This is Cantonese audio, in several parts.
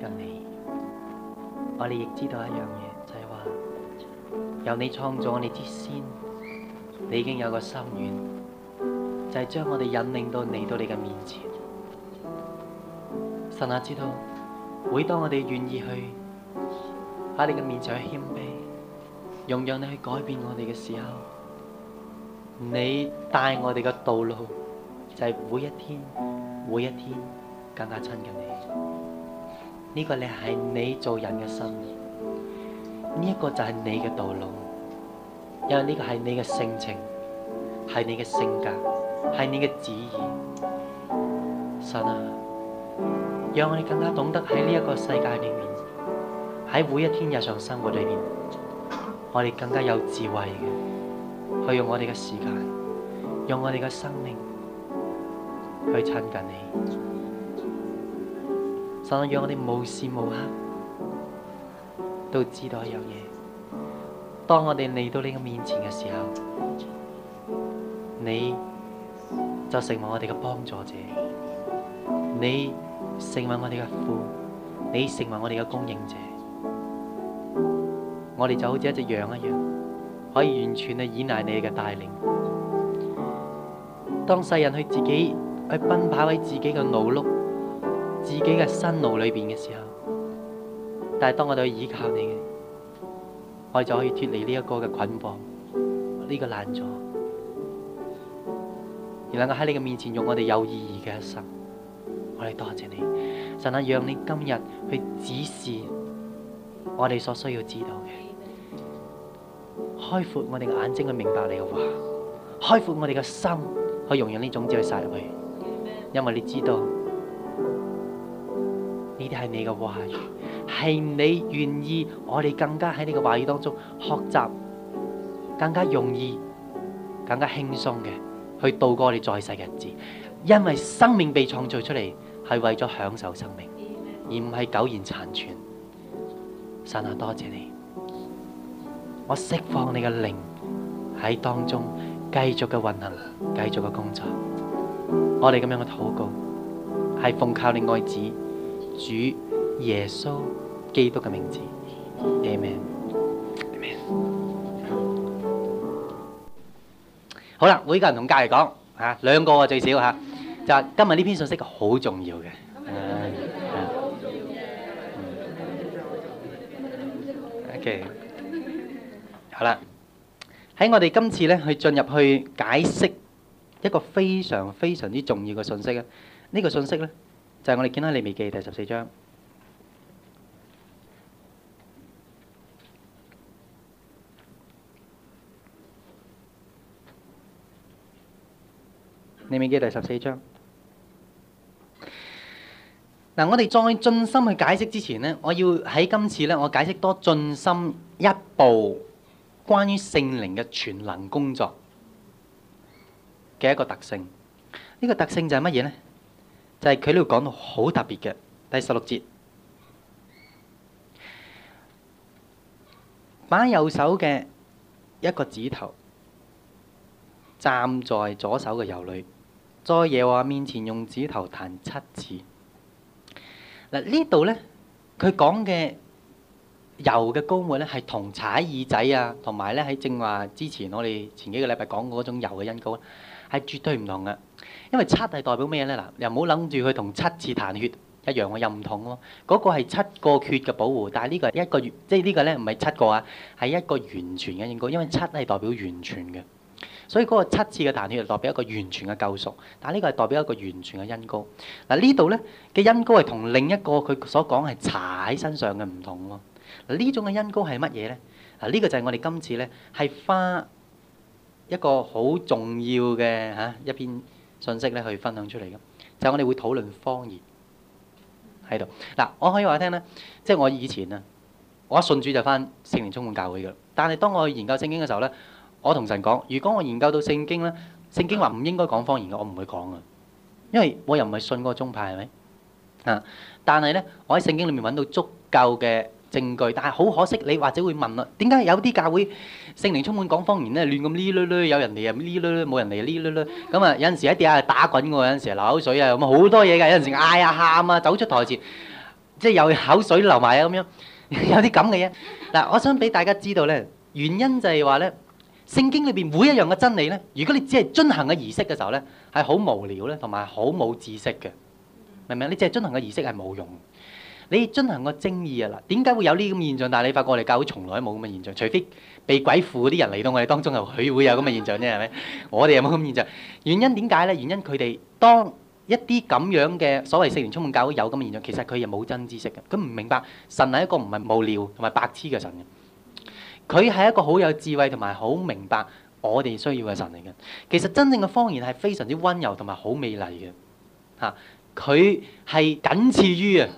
跟你，我哋亦知道一樣嘢，就係話由你創造我哋之先，你已經有個心願，就係將我哋引領到你到你嘅面前。神啊，知道每當我哋願意去喺你嘅面前去謙卑，容讓你去改變我哋嘅時候，你帶我哋嘅道路就係每一天，每一天更加親近你。呢、這個你係你做人嘅心意，呢、這、一個就係你嘅道路，因為呢個係你嘅性情，係你嘅性格，係你嘅旨意。神啊，讓我哋更加懂得喺呢一個世界裏面，喺每一天日常生活裏面，我哋更加有智慧嘅去用我哋嘅時間，用我哋嘅生命去親近你。想讓我哋無時無刻都知道一樣嘢。當我哋嚟到你嘅面前嘅時候，你就成為我哋嘅幫助者，你成為我哋嘅父，你成為我哋嘅供應者。我哋就好似一隻羊一樣，可以完全去依賴你嘅帶領。當世人去自己去奔跑喺自己嘅腦碌。自己嘅生路裏邊嘅時候，但係當我哋依靠你嘅，我哋就可以脫離呢一個嘅捆綁，呢、這個爛咗，而能夠喺你嘅面前用我哋有意義嘅一生，我哋多謝你，神能讓你今日去指示我哋所需要知道嘅，開闊我哋嘅眼睛去明白你嘅話，開闊我哋嘅心去容忍呢種嘅嘅，因為你知道。係你嘅話語，係你願意，我哋更加喺你嘅話語當中學習，更加容易，更加輕鬆嘅去度過我哋在世嘅日子。因為生命被創造出嚟係為咗享受生命，而唔係苟延殘喘。神啊，多謝你，我釋放你嘅靈喺當中繼續嘅運行，繼續嘅工作。我哋咁樣嘅禱告係奉靠你愛子主耶穌基督嘅名字，阿門。好啦，每個人同教嚟講吓，兩個啊最少吓，就今日呢篇信息好重要嘅。O K，好啦，喺我哋今次咧去進入去解釋一個非常非常之重要嘅信息啊，呢個信息咧。但係我哋見到《利未記》第十四章，《利未記》第十四章。嗱，我哋再進深去解釋之前呢，我要喺今次呢，我解釋多進深一步，關於聖靈嘅全能工作嘅一個特性。呢個特性就係乜嘢呢？就係佢呢度講到好特別嘅，第十六節，把右手嘅一個指頭站在左手嘅油裏，在耶和華面前用指頭彈七次。嗱呢度呢，佢講嘅油嘅高音呢係同踩耳仔啊，同埋呢喺正話之前我哋前幾個禮拜講過嗰種油嘅音高咧，係絕對唔同嘅。因為七係代表咩呢？嗱，又唔好諗住佢同七次彈血一樣喎，又唔同喎、哦。嗰、那個係七個血嘅保護，但係呢個係一個月，即係呢個咧唔係七個啊，係一個完全嘅恩膏。因為七係代表完全嘅，所以嗰個七次嘅彈血代表一個完全嘅救贖。但係呢個係代表一個完全嘅恩膏。嗱、啊、呢度呢嘅恩膏係同另一個佢所講係踩喺身上嘅唔同喎、哦。嗱、啊、呢種嘅恩膏係乜嘢呢？嗱、啊、呢、這個就係我哋今次呢係花一個好重要嘅嚇、啊、一篇。信息咧去分享出嚟嘅，就係、我哋會討論方言喺度。嗱，我可以話你聽咧，即係我以前啊，我一信主就翻聖靈充滿教會嘅。但係當我去研究聖經嘅時候咧，我同神講：如果我研究到聖經咧，聖經話唔應該講方言嘅，我唔會講啊。因為我又唔係信嗰個宗派，係咪啊？但係咧，我喺聖經裡面揾到足夠嘅。證據，但係好可惜，你或者會問啊，點解有啲教會聖靈充滿講方言咧，亂咁呢呢呢，有人嚟啊呢呢呢，冇人嚟啊呢呢呢，咁啊有陣時喺地下打滾喎，有陣時流口水啊，咁好多嘢㗎，有陣時嗌啊喊啊，走出台前，即係有口水流埋啊咁樣，有啲咁嘅嘢。嗱，我想俾大家知道咧，原因就係話咧，聖經裏邊每一樣嘅真理咧，如果你只係遵行嘅儀式嘅時候咧，係好無聊咧，同埋好冇知識嘅，明唔明啊？你只係遵行嘅儀式係冇用。你進行過爭議啊！嗱，點解會有呢咁現象？但係你發覺，我哋教會從來冇咁嘅現象，除非被鬼附嗰啲人嚟到我哋當中，佢會有咁嘅現象啫，係咪？我哋又冇咁現象。原因點解呢？原因佢哋當一啲咁樣嘅所謂四年充滿教會有咁嘅現象，其實佢又冇真知識嘅。佢唔明白神係一個唔係無聊同埋白痴嘅神嘅。佢係一個好有智慧同埋好明白我哋需要嘅神嚟嘅。其實真正嘅方言係非常之温柔同埋好美麗嘅嚇。佢係僅次於啊。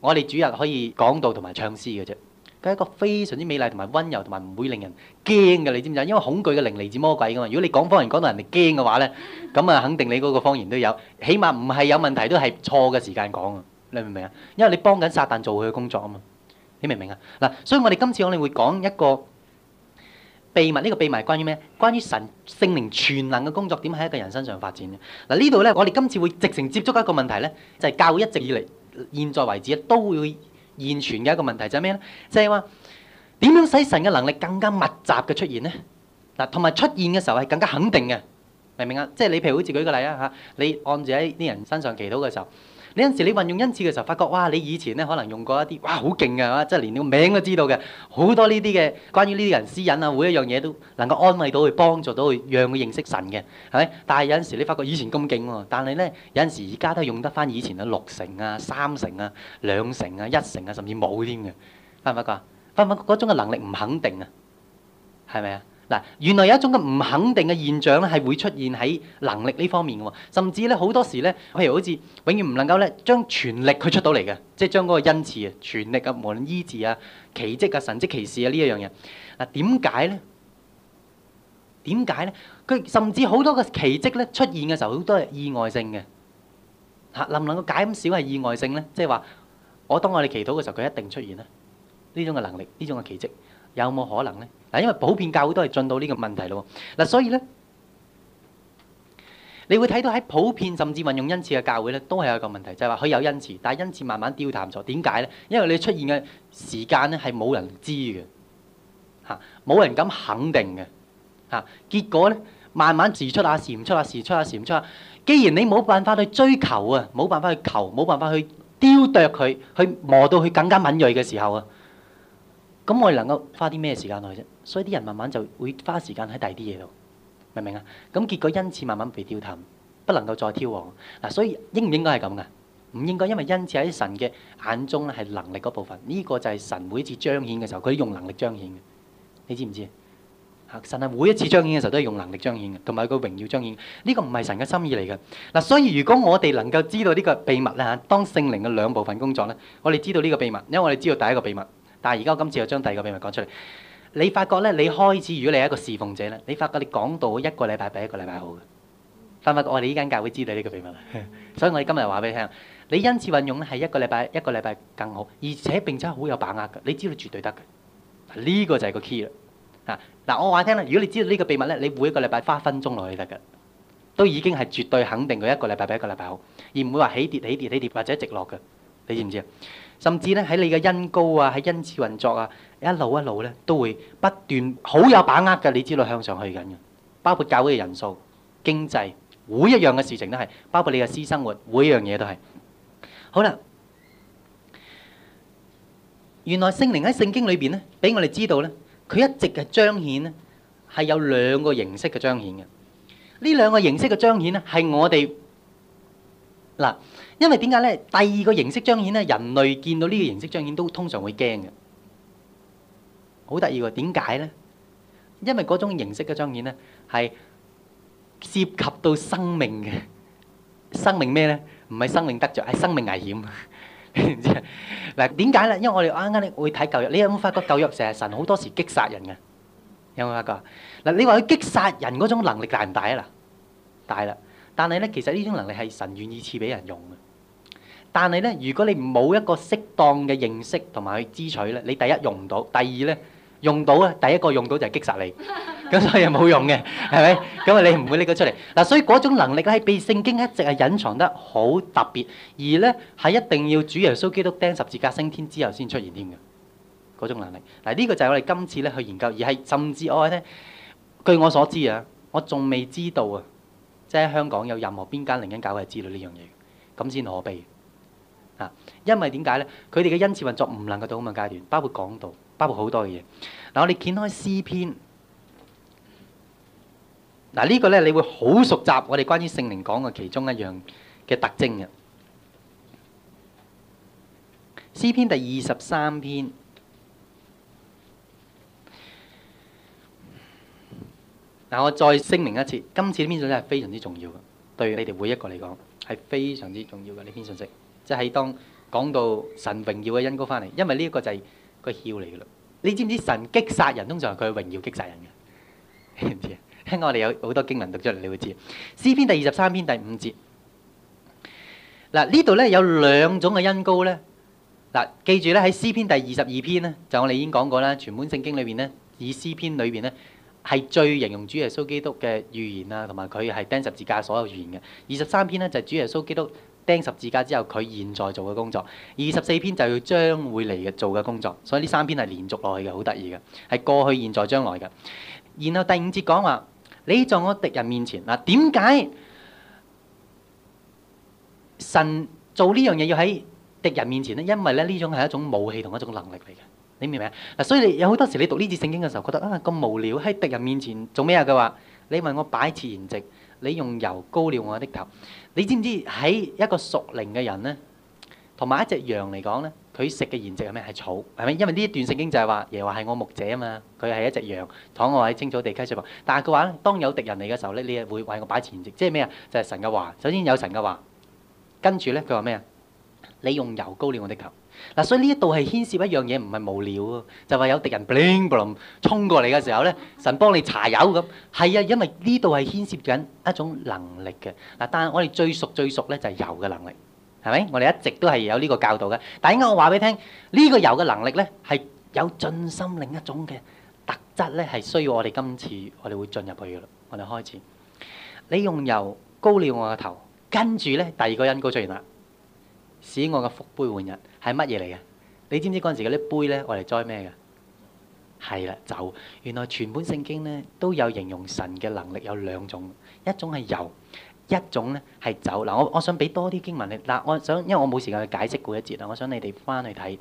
我哋主日可以講道同埋唱詩嘅啫，佢係一個非常之美麗同埋温柔同埋唔會令人驚嘅，你知唔知啊？因為恐懼嘅靈嚟自魔鬼噶嘛。如果你講方言講到人哋驚嘅話咧，咁啊肯定你嗰個方言都有，起碼唔係有問題都係錯嘅時間講啊！你明唔明啊？因為你幫緊撒旦做佢嘅工作啊嘛，你明唔明啊？嗱，所以我哋今次我哋會講一個秘密，呢個秘密係關於咩？關於神聖靈全能嘅工作點喺一個人身上發展嘅。嗱呢度咧，我哋今次會直程接觸一個問題咧，就係教會一直以嚟。現在為止都會現存嘅一個問題就係咩呢？就係話點樣使神嘅能力更加密集嘅出現呢？嗱，同埋出現嘅時候係更加肯定嘅，明唔明啊？即係你譬如好似舉個例啊嚇，你按住喺啲人身上祈禱嘅時候。你有陣時你運用恩賜嘅時候，發覺哇！你以前咧可能用過一啲哇，好勁啊！即係連你個名都知道嘅好多呢啲嘅關於呢啲人私隱啊，每一樣嘢都能夠安慰到佢，幫助到佢，讓佢認識神嘅，係咪？但係有陣時你發覺以前咁勁喎，但係咧有陣時而家都係用得翻以前嘅六成啊、三成啊、兩成啊、一成啊，甚至冇添嘅，發唔發覺？發唔發覺嗰種嘅能力唔肯定啊，係咪啊？嗱，原來有一種嘅唔肯定嘅現象咧，係會出現喺能力呢方面嘅喎，甚至咧好多時咧，譬如好似永遠唔能夠咧將全力佢出到嚟嘅，即係將嗰個恩賜啊、全力啊、無論醫治啊、奇蹟啊、神蹟奇事啊呢一樣嘢。嗱，點解咧？點解咧？佢甚至好多個奇蹟咧出現嘅時候，好多係意外性嘅。嚇，能唔能夠解咁少係意外性咧？即係話，我當我哋祈禱嘅時候，佢一定出現咧？呢種嘅能力，呢種嘅奇蹟。有冇可能呢？嗱，因為普遍教會都係進到呢個問題咯。嗱，所以呢，你會睇到喺普遍甚至運用恩賜嘅教會呢，都係有一個問題，就係話佢有恩賜，但係恩賜慢慢調淡咗。點解呢？因為你出現嘅時間呢，係冇人知嘅，嚇冇人敢肯定嘅，嚇結果呢，慢慢時出呀時唔出呀時出呀時唔出呀。既然你冇辦法去追求啊，冇辦法去求，冇辦法去雕琢佢，去磨到佢更加敏銳嘅時候啊！咁我哋能夠花啲咩時間落去啫？所以啲人慢慢就會花時間喺第二啲嘢度，明唔明啊？咁結果恩賜慢慢被丟淡，不能夠再挑旺。嗱，所以應唔應該係咁㗎？唔應該，因為恩賜喺神嘅眼中咧係能力嗰部分，呢個就係神每一次彰顯嘅時候，佢都用能力彰顯嘅。你知唔知？嚇，神係每一次彰顯嘅時候都係用能力彰顯嘅，同埋佢榮耀彰顯。呢個唔係神嘅心意嚟嘅。嗱，所以如果我哋能夠知道呢個秘密咧嚇，當聖靈嘅兩部分工作咧，我哋知道呢個秘密，因為我哋知道第一個秘密。但係而家今次又將第二個秘密講出嚟，你發覺咧，你開始如果你係一個侍奉者咧，你發覺你講到一個禮拜比一個禮拜好嘅。發唔發覺？我哋呢間教會知道呢個秘密， 所以我哋今日話俾你聽，你因此運用咧係一個禮拜一個禮拜更好，而且並且好有把握嘅，你知道你絕對得嘅。呢、這個就係個 key 啦。嗱、啊，我話聽啦，如果你知道呢個秘密咧，你每一個禮拜花分鐘落去得嘅，都已經係絕對肯定佢一個禮拜比一個禮拜好，而唔會話起跌起跌起跌或者直落嘅。你知唔知啊？甚至咧喺你嘅恩膏啊，喺恩賜運作啊，一路一路咧都會不斷好有把握嘅，你知道向上去緊嘅。包括教會嘅人數、經濟，每一樣嘅事情都係，包括你嘅私生活，每一樣嘢都係。好啦，原來聖靈喺聖經裏邊咧，俾我哋知道咧，佢一直係彰顯咧，係有兩個形式嘅彰顯嘅。呢兩個形式嘅彰顯咧，係我哋嗱。因為點解咧？第二個形式彰顯咧，人類見到呢個形式彰顯都通常會驚嘅，好得意喎！點解咧？因為嗰種形式嘅彰顯咧，係涉及到生命嘅。生命咩咧？唔係生命得着，係生命危險啊！嗱，點解咧？因為我哋啱啱會睇舊約，你有冇發覺舊約成日神好多時擊殺人嘅？有冇發覺？嗱，你話佢擊殺人嗰種能力大唔大啊？嗱，大啦！但係咧，其實呢種能力係神願意賜俾人用嘅。但係咧，如果你冇一個適當嘅認識同埋去支取咧，你第一用唔到，第二咧用到啊，第一個用到就係擊殺你，咁所以又冇用嘅，係咪？咁啊，你唔會拎佢出嚟嗱，所以嗰種能力係被聖經一直係隱藏得好特別，而咧係一定要主耶穌基督釘十字架升天之後先出現添嘅嗰種能力嗱，呢個就係我哋今次咧去研究，而係甚至我覺得，據我所知啊，我仲未知道啊，即係香港有任何邊間靈恩教會係知道呢樣嘢，咁先可悲。因為點解呢？佢哋嘅恩賜運作唔能夠到咁嘅階段，包括講道，包括好多嘅嘢。嗱，我哋掀開詩篇，嗱呢個呢，你會好熟習我哋關於聖靈講嘅其中一樣嘅特徵嘅。詩篇第二十三篇，嗱我再聲明一次，今次呢篇信息係非常之重要嘅，對你哋每一個嚟講係非常之重要嘅呢篇信息，即係當講到神榮耀嘅恩膏翻嚟，因為呢一個就係個謠嚟嘅嘞。你知唔知神擊殺人通常係佢係榮耀擊殺人嘅？你唔知啊？聽我哋有好多經文讀出嚟，你會知。詩篇第二十三篇第五節，嗱呢度咧有兩種嘅恩膏咧。嗱，記住咧喺詩篇第二十二篇咧，就我哋已經講過啦。全本聖經裏邊咧，以詩篇裏邊咧係最形容主耶穌基督嘅預言啊，同埋佢係釘十字架所有預言嘅。二十三篇咧就係主耶穌基督。十字架之後，佢現在做嘅工作，二十四篇就要將會嚟做嘅工作，所以呢三篇係連續落去嘅，好得意嘅，係過去、現在、將來嘅。然後第五節講話，你在我敵人面前嗱，點解神做呢樣嘢要喺敵人面前呢？因為咧呢種係一種武器同一種能力嚟嘅，你明唔明啊？嗱，所以你有好多時你讀呢節聖經嘅時候，覺得啊咁無聊喺敵人面前做咩啊？佢話你為我擺設筵席，你用油膏了我的頭。你知唔知喺一個屬靈嘅人呢，同埋一隻羊嚟講呢，佢食嘅筵席係咩？係草，係咪？因為呢一段聖經就係話，耶和華係我牧者啊嘛，佢係一隻羊躺我喺青草地溪水旁。但係佢話呢，當有敵人嚟嘅時候呢，你會為我擺筵席，即係咩啊？就係、是、神嘅話。首先有神嘅話，跟住呢，佢話咩啊？你用油膏了我的頭。嗱，所以呢一度係牽涉一樣嘢，唔係無聊喎，就話有敵人 bling bling 衝過嚟嘅時候咧，神幫你搽油咁。係啊，因為呢度係牽涉緊一種能力嘅。嗱，但係我哋最熟最熟咧就係油嘅能力，係咪？我哋一直都係有呢個教導嘅。但係啱啱我話俾你聽，呢個油嘅能力咧係有進深另一種嘅特質咧，係需要我哋今次我哋會進入去嘅。我哋開始，你用油膏了我嘅頭，跟住咧第二個恩膏出現啦。使我嘅福杯換日係乜嘢嚟嘅？你知唔知嗰陣時嗰啲杯咧，我哋栽咩嘅？係啦，酒。原來全本聖經咧都有形容神嘅能力有兩種，一種係油，一種咧係酒。嗱，我我想俾多啲經文你。嗱，我想因為我冇時間去解釋嗰一節啦，我想你哋翻去睇。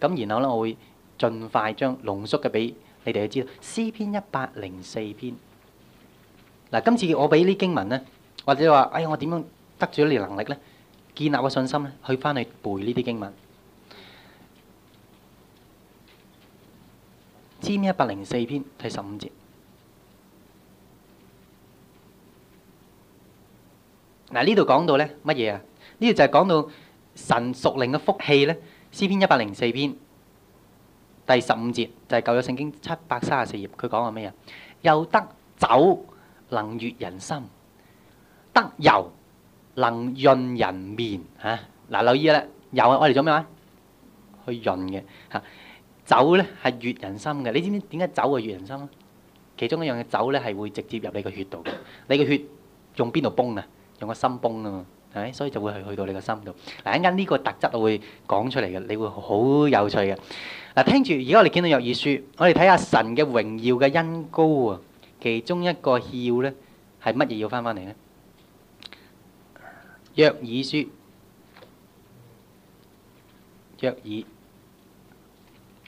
咁然後咧，我會盡快將濃縮嘅俾你哋去知道。詩篇一百零四篇。嗱，今次我俾呢經文咧，或者話，哎呀，我點樣得著呢啲能力咧？建立個信心咧，去翻去背呢啲經文。詩篇一百零四篇第十五節，嗱，呢度講到咧乜嘢啊？呢度就係講到神屬靈嘅福氣咧。詩篇一百零四篇第十五節就係舊約聖經七百三十四頁，佢講個乜嘢？又得酒能悦人心，得油。能潤人面嚇，嗱、啊、留意啦，油啊，我哋做咩啊？去潤嘅嚇、啊。酒咧係悅人心嘅，你知唔知點解酒會悅人心啊？其中一樣嘢，酒咧係會直接入你個血度嘅。你個血用邊度泵啊？用個心泵啊嘛，係咪？所以就會去去到你個心度。嗱、啊，陣間呢個特質我會講出嚟嘅，你會好有趣嘅。嗱、啊，聽住而家我哋見到約珥書，我哋睇下神嘅榮耀嘅恩膏啊，其中一個呢要咧係乜嘢要翻翻嚟咧？約珥書，約珥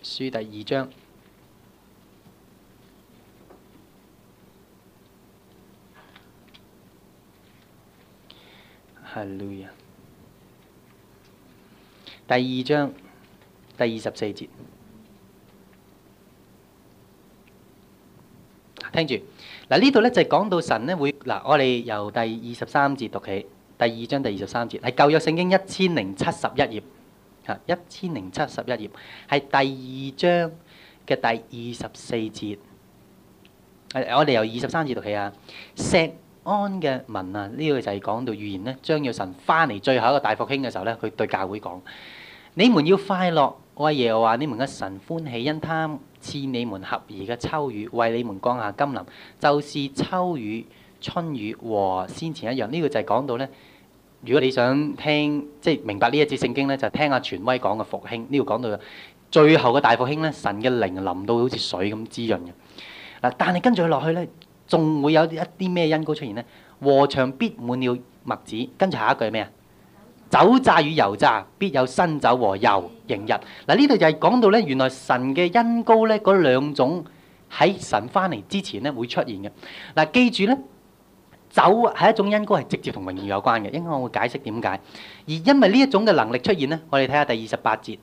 書第二章。哈利亞，第二章第二十四節。聽住嗱，呢度咧就講到神咧會，嗱，我哋由第二十三節讀起。第二章第二十三節係舊約聖經一千零七十一頁，嚇，一千零七十一頁係第二章嘅第二十四節。我哋由二十三節讀起啊。錫安嘅文啊，呢個就係講到預言呢。將要神翻嚟最後一個大復興嘅時候呢，佢對教會講：你們要快樂，為耶和華你們嘅神歡喜，因祂賜你們合宜嘅秋雨，為你們降下甘霖，就是秋雨。春雨和先前一樣，呢個就係講到呢。如果你想聽即係明白呢一節聖經呢，就聽阿傳威講嘅復興。呢度講到最後嘅大復興呢，神嘅靈淋到好似水咁滋潤嘅。但係跟住落去呢，仲會有一啲咩恩膏出現呢？禾場必滿了麥子。跟住下一句係咩啊？酒榨與油榨必有新酒和油盈溢。嗱，呢度就係講到呢，原來神嘅恩膏呢，嗰兩種喺神翻嚟之前呢會出現嘅。嗱，記住呢。走係一種恩歌，係直接同榮耀有關嘅。應該我會解釋點解，而因為呢一種嘅能力出現呢，我哋睇下第二十八節，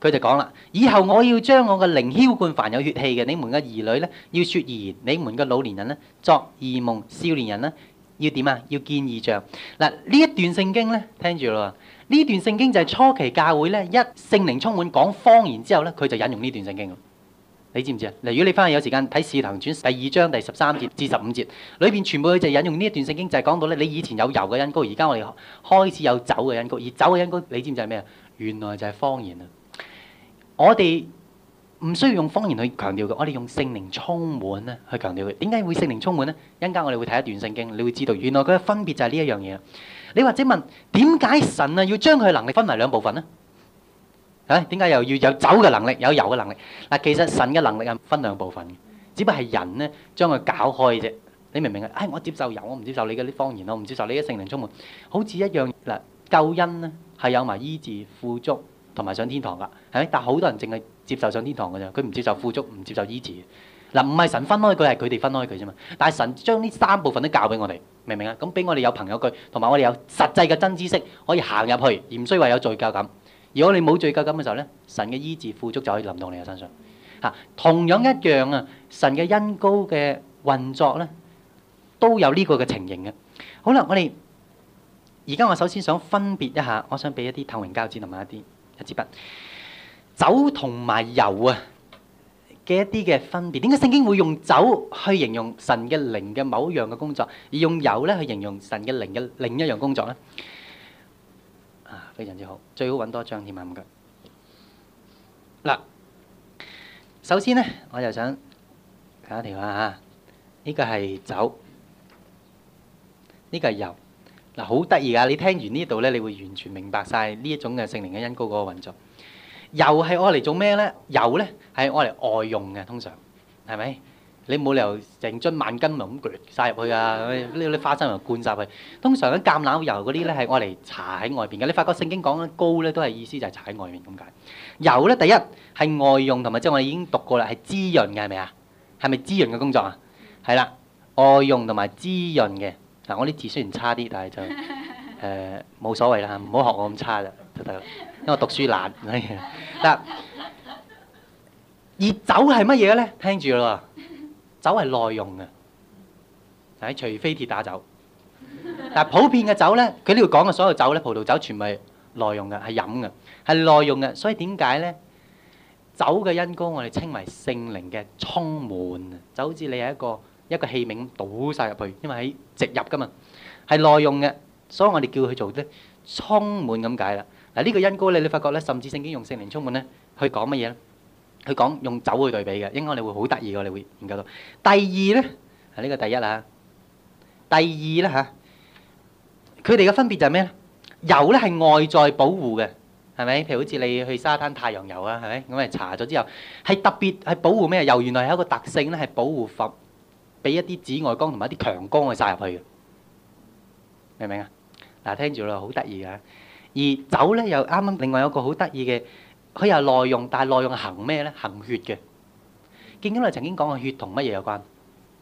佢就講啦：以後我要將我嘅靈澆灌凡有血氣嘅，你們嘅兒女呢，要説異言，你們嘅老年人呢，作異夢，少年人呢，要點啊？要見異象。嗱呢一段聖經呢，聽住咯，呢段聖經就係初期教會呢，一聖靈充滿講方言之後呢，佢就引用呢段聖經。你知唔知啊？如果你翻去有時間睇《使徒傳》第二章第十三節至十五節，裏面，全部就引用呢一段聖經，就係講到咧，你以前有油嘅恩膏，而家我哋開始有酒嘅恩膏。而酒嘅恩膏，你知唔知係咩啊？原來就係方言啊！我哋唔需要用方言去強調佢，我哋用聖靈充滿咧去強調佢。點解會聖靈充滿咧？一陣間我哋會睇一段聖經，你會知道原來佢嘅分別就係呢一樣嘢。你或者問點解神啊要將佢嘅能力分為兩部分呢？」啊，點解又要有酒嘅能力，有油嘅能力？嗱，其實神嘅能力係分兩部分嘅，只不過係人咧將佢搞開啫。你明唔明啊？唉、哎，我接受油，我唔接受你嘅啲方言，我唔接受你啲聖靈充滿，好似一樣，嗱，救恩咧係有埋醫治、富足同埋上天堂噶，係咪？但係好多人淨係接受上天堂嘅啫，佢唔接受富足，唔接受醫治。嗱，唔係神分開佢，係佢哋分開佢啫嘛。但係神將呢三部分都教俾我哋，明唔明啊？咁俾我哋有朋友句，同埋我哋有實際嘅真知識，可以行入去，唔需話有罪疚感。如果你冇罪疚感嘅時候咧，神嘅醫治富足就可以臨到你嘅身上。嚇，同樣一樣啊，神嘅恩膏嘅運作咧，都有呢個嘅情形嘅。好啦，我哋而家我首先想分別一下，我想俾一啲透明膠紙同埋一啲一支筆，酒同埋油啊嘅一啲嘅分別。點解聖經會用酒去形容神嘅靈嘅某一樣嘅工作，而用油咧去形容神嘅靈嘅另一樣工作咧？啊，非常之好，最好揾多張添啊！唔該。嗱，首先咧，我就想講一條啊嚇，呢個係酒，呢個係油。嗱，好得意噶，你聽完呢度咧，你會完全明白曬呢一種嘅聖靈嘅恩膏嗰個運作。油係愛嚟做咩咧？油咧係愛嚟外用嘅，通常係咪？你冇理由成樽萬斤咁攰曬入去啊！呢啲花生油灌曬去，通常喺橄欖油嗰啲咧係愛嚟搽喺外邊嘅。你發覺聖經講嘅膏咧都係意思就係搽喺外面咁解。油咧第一係外用同埋即係我哋已經讀過啦，係滋潤嘅係咪啊？係咪滋潤嘅工作啊？係啦，外用同埋滋潤嘅，嗱，我啲字雖然差啲，但係就誒冇、呃、所謂啦，唔好學我咁差啦，就得啦。因為我讀書懶嗱。 熱酒係乜嘢咧？聽住咯。酒係內用嘅，係除非跌打酒。但係普遍嘅酒咧，佢呢度講嘅所有酒咧，葡萄酒全係內用嘅，係飲嘅，係內用嘅。所以點解咧？酒嘅恩膏我哋稱為聖靈嘅充滿，就好似你係一個一個器皿咁倒曬入去，因為喺直入噶嘛，係內用嘅。所以我哋叫佢做啲充滿咁解啦。嗱呢個恩膏咧，你發覺咧，甚至聖經用聖靈充滿咧去講乜嘢咧？佢講用酒去對比嘅，應該你會好得意嘅，你會研究到。第二咧，係呢個第一啦。第二咧嚇，佢哋嘅分別就係咩咧？油咧係外在保護嘅，係咪？譬如好似你去沙灘太陽油啊，係咪？咁嚟搽咗之後，係特別係保護咩？油原來係一個特性咧，係保護佛，俾一啲紫外光同埋一啲強光去曬入去嘅，明唔明啊？嗱，聽住啦，好得意嘅。而酒咧又啱啱另外有一個好得意嘅。佢又內用，但係內用行咩咧？行血嘅。見經律曾經講過血同乜嘢有關？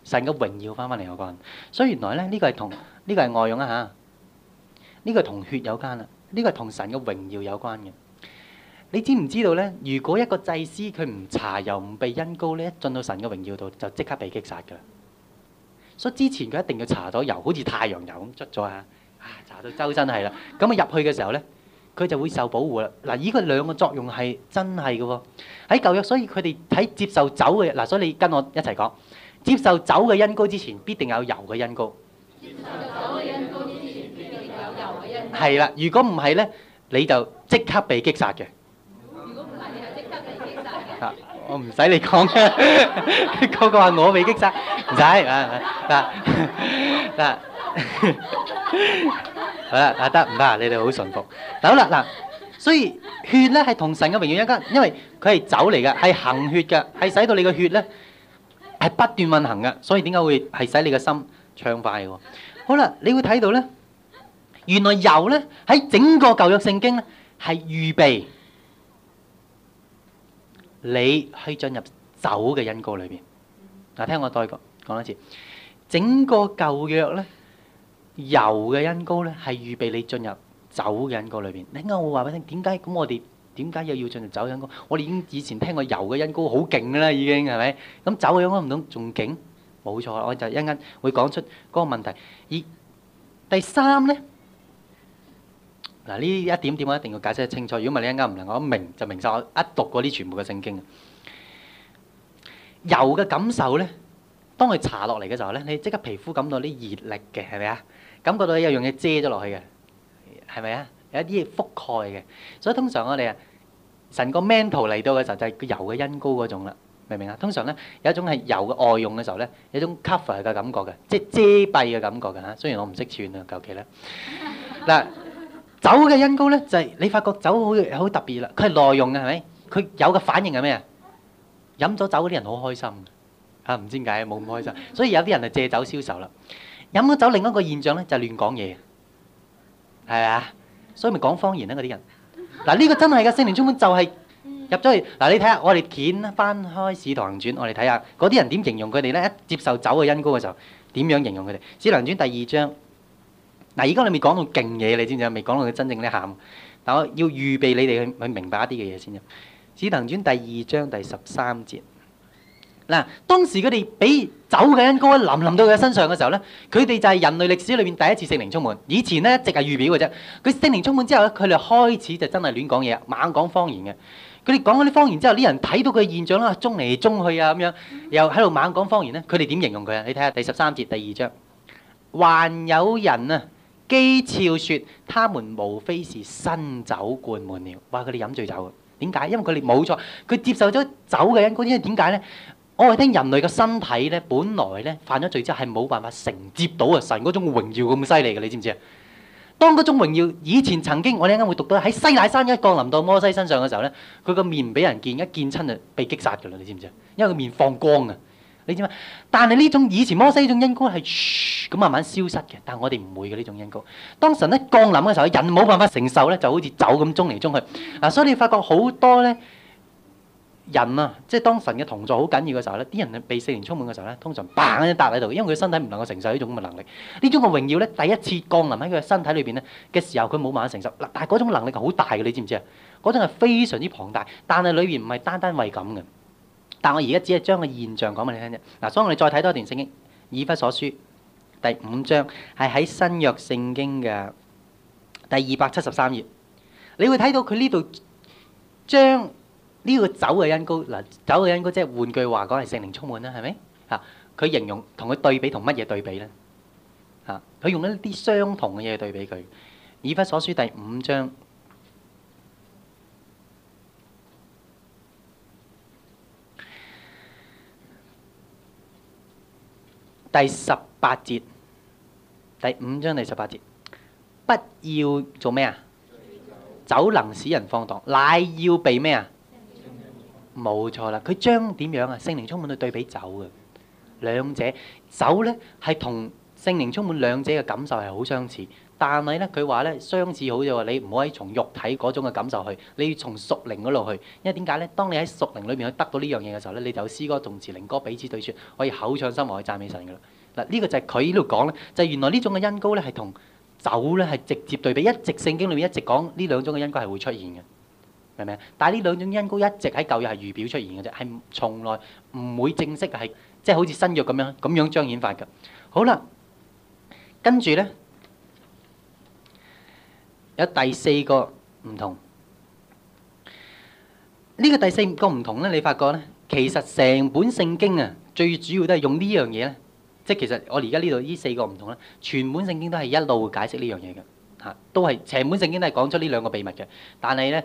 神嘅榮耀翻翻嚟有關。所以原來咧呢個係同呢、呢個係外用啊嚇。呢、呢個係同血有關啦。呢、呢個係同神嘅榮耀有關嘅。你知唔知道咧？如果一個祭司佢唔搽油唔備恩膏咧，一進到神嘅榮耀度就即刻被擊殺噶。所以之前佢一定要搽咗油，好似太陽油咁捽咗下，啊搽到周身係啦。咁啊入去嘅時候咧？佢就會受保護啦。嗱，依個兩個作用係真係嘅喎。喺舊約，所以佢哋喺接受酒嘅嗱，所以你跟我一齊講，接受酒嘅恩膏之前，必定有油嘅恩膏。接受酒嘅恩膏之前，必定有油嘅恩膏。係啦，如果唔係咧，你就即刻俾擊殺嘅。如果唔係你就即刻俾擊殺嘅。啊，我唔使你講，個個話我俾擊殺，唔使啊，嗱嗱。好啦，阿德唔怕，你哋好順服。嗱，好啦，嗱，所以血咧係同神嘅榮耀一間，因為佢係酒嚟嘅，係行血嘅，係使到你嘅血咧係不斷運行嘅，所以點解會係使你嘅心暢快嘅？好啦，你會睇到咧，原來油咧喺整個舊約聖經咧係預備你去進入酒嘅恩膏裏邊。嗱，聽我再講講一次，整個舊約咧。油嘅恩膏咧，係預備你進入酒嘅恩膏裏邊。你啱，我話俾你聽，點解咁我哋點解又要進入酒恩膏？我哋已經以前聽過油嘅恩膏好勁噶啦，已經係咪？咁酒恩膏唔通仲勁？冇錯啦，我就一陣會講出嗰個問題。而第三咧，嗱，呢一點點我一定要解釋得清楚。如果唔係，你一陣唔能夠明，就明曬我一讀嗰啲全部嘅聖經。油嘅感受咧，當佢搽落嚟嘅時候咧，你即刻皮膚感到啲熱力嘅係咪啊？感覺到有樣嘢遮咗落去嘅，係咪啊？有一啲係覆蓋嘅，所以通常我哋啊，神個 mantle 嚟到嘅時候就係個油嘅音高嗰種啦，明唔明啊？通常咧有一種係油嘅外用嘅時候咧，有一種 cover 嘅感覺嘅，即係遮蔽嘅感覺嘅嚇。雖然我唔識串啊，求其啦。嗱，酒嘅音高咧就係你發覺酒好好特別啦，佢係內用嘅係咪？佢有嘅反應係咩啊？飲咗酒嗰啲人好開心。嚇唔知點解冇咁開心，所以有啲人係借酒消愁啦。飲咗酒，另一個現象咧就係、是、亂講嘢，係啊，所以咪講方言啦嗰啲人。嗱 呢、啊呢個真係嘅，聖靈充滿就係入咗去。嗱、啊、你睇下我哋掀翻開《使徒行傳》我們看看，我哋睇下嗰啲人點形容佢哋咧？一接受酒嘅恩膏嘅時候，點樣形容佢哋？《使徒行傳》第二章。嗱，而家你未講到勁嘢，你知唔知？未講到佢真正嘅喊。但我要預備你哋去去明白一啲嘅嘢先啫。《使徒行傳》第二章第十三節。嗱，當時佢哋俾酒嘅恩膏淋淋到佢身上嘅時候呢，佢哋就係人類歷史裏面第一次聖靈充滿。以前呢，一直係預表嘅啫。佢聖靈充滿之後咧，佢哋開始就真係亂講嘢，猛講方言嘅。佢哋講嗰啲方言之後，啲人睇到佢現象啦，衝嚟衝去啊咁樣，又喺度猛講方言呢，佢哋點形容佢啊？你睇下第十三節第二章，還有人啊，譏誚説：他們無非是新酒灌滿了，話佢哋飲醉酒嘅。點解？因為佢哋冇錯，佢接受咗酒嘅恩膏，因為點解呢？我係聽人類嘅身體咧，本來咧犯咗罪之後係冇辦法承接到啊神嗰種榮耀咁犀利嘅，你知唔知啊？當嗰種榮耀以前曾經，我哋啱啱會讀到喺西奈山一降臨到摩西身上嘅時候咧，佢個面俾人見一見親就被擊殺噶啦，你知唔知啊？因為個面放光啊，你知嘛？但係呢種以前摩西呢種恩膏係咁慢慢消失嘅，但我哋唔會嘅呢種恩膏。當神一降臨嘅時候，人冇辦法承受咧，就好似酒咁嚟去去。嗱、啊，所以你發覺好多咧。人啊，即係當神嘅同在好緊要嘅時候呢，啲人被聖靈充滿嘅時候呢，通常砰一笪喺度，因為佢身體唔能夠承受呢種咁嘅能力。呢種嘅榮耀呢，第一次降臨喺佢嘅身體裏邊呢嘅時候，佢冇辦法承受。但係嗰種能力係好大嘅，你知唔知啊？嗰種係非常之龐大，但係裏邊唔係單單為咁嘅。但我而家只係將個現象講俾你聽啫。嗱，所以我哋再睇多一段聖經，以弗所書第五章係喺新約聖經嘅第二百七十三頁，你會睇到佢呢度將呢個酒嘅音高，嗱，酒嘅音高即係換句話講係聖靈充滿啦，係咪？嚇，佢形容同佢對比同乜嘢對比呢？嚇，佢用一啲相同嘅嘢對比佢。以弗所書第五章第十八節，第五章第十八節，不要做咩啊？酒能使人放蕩，乃要被咩啊？冇錯啦，佢將點樣啊？聖靈充滿對比酒嘅兩者，酒呢，係同聖靈充滿兩者嘅感受係好相似，但係呢，佢話呢，相似好就話你唔可以從肉體嗰種嘅感受去，你要從屬靈嗰度去。因為點解呢？當你喺屬靈裏面去得到呢樣嘢嘅時候呢，你就有詩歌同詞靈歌彼此對説，可以口唱心和去讚美神嘅啦。嗱，呢個就係佢呢度講呢，就係原來呢種嘅恩膏呢，係同酒呢，係直接對比。一直聖經裏面一直講呢兩種嘅恩膏係會出現嘅。係咪啊？但係呢兩種恩膏一直喺舊約係預表出現嘅啫，係從來唔會正式係即係好似新約咁樣咁樣彰顯法嘅。好啦，跟住咧有第四個唔同呢個第四個唔同咧，你發覺咧，其實成本聖經啊，最主要都係用呢樣嘢咧，即係其實我而家呢度呢四個唔同咧，全本聖經都係一路解釋呢樣嘢嘅嚇，都係成本聖經都係講出呢兩個秘密嘅，但係咧。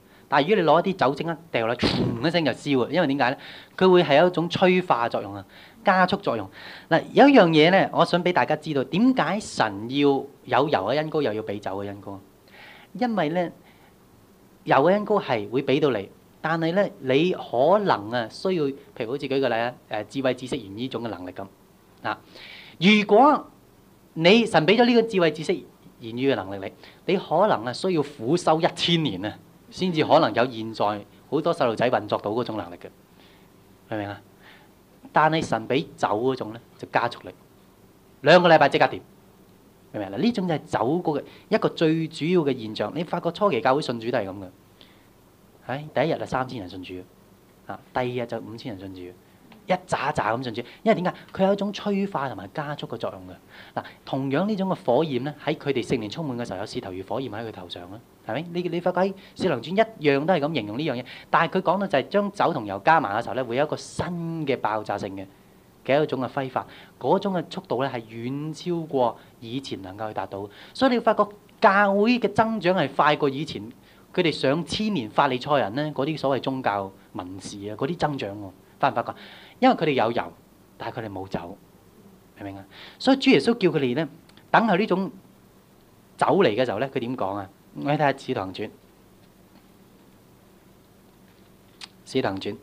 但係，如果你攞一啲酒精一掉落去，轟一聲就燒。因為點解咧？佢會係有一種催化作用啊，加速作用。嗱，有一樣嘢咧，我想俾大家知道，點解神要有油嘅恩膏又要俾酒嘅恩膏，因為咧，油嘅恩膏係會俾到你，但係咧，你可能啊需要，譬如好似舉個例啊，誒智慧知識言語種嘅能力咁。嗱，如果你神俾咗呢個智慧知識言語嘅能力你，你可能啊需要苦修一千年啊。先至可能有現在好多細路仔運作到嗰種能力嘅，明唔明啊？但係神俾油嗰種咧，就加速力，兩個禮拜即刻掂，明唔明啊？呢種就係油嗰個一個最主要嘅現象。你發覺初期教會信主都係咁嘅，喺、哎、第一日就三千人信主，啊，第二日就五千人信主，一揸揸咁信主，因為點解？佢有一種催化同埋加速嘅作用嘅。嗱，同樣呢種嘅火焰咧，喺佢哋聖靈充滿嘅時候，有舌頭如火焰喺佢頭上啊。你你發覺喺《小林傳》一樣都係咁形容呢樣嘢，但係佢講到就係將酒同油加埋嘅時候咧，會有一個新嘅爆炸性嘅嘅一種嘅揮發，嗰種嘅速度咧係遠超過以前能夠去達到。所以你會發覺教會嘅增長係快過以前，佢哋上千年法利賽人咧嗰啲所謂宗教文士啊嗰啲增長喎，發唔發覺？因為佢哋有油，但係佢哋冇酒，明唔明啊？所以主耶穌叫佢哋咧等佢呢種酒嚟嘅時候咧，佢點講啊？我睇下《使徒行傳》，《使徒行傳》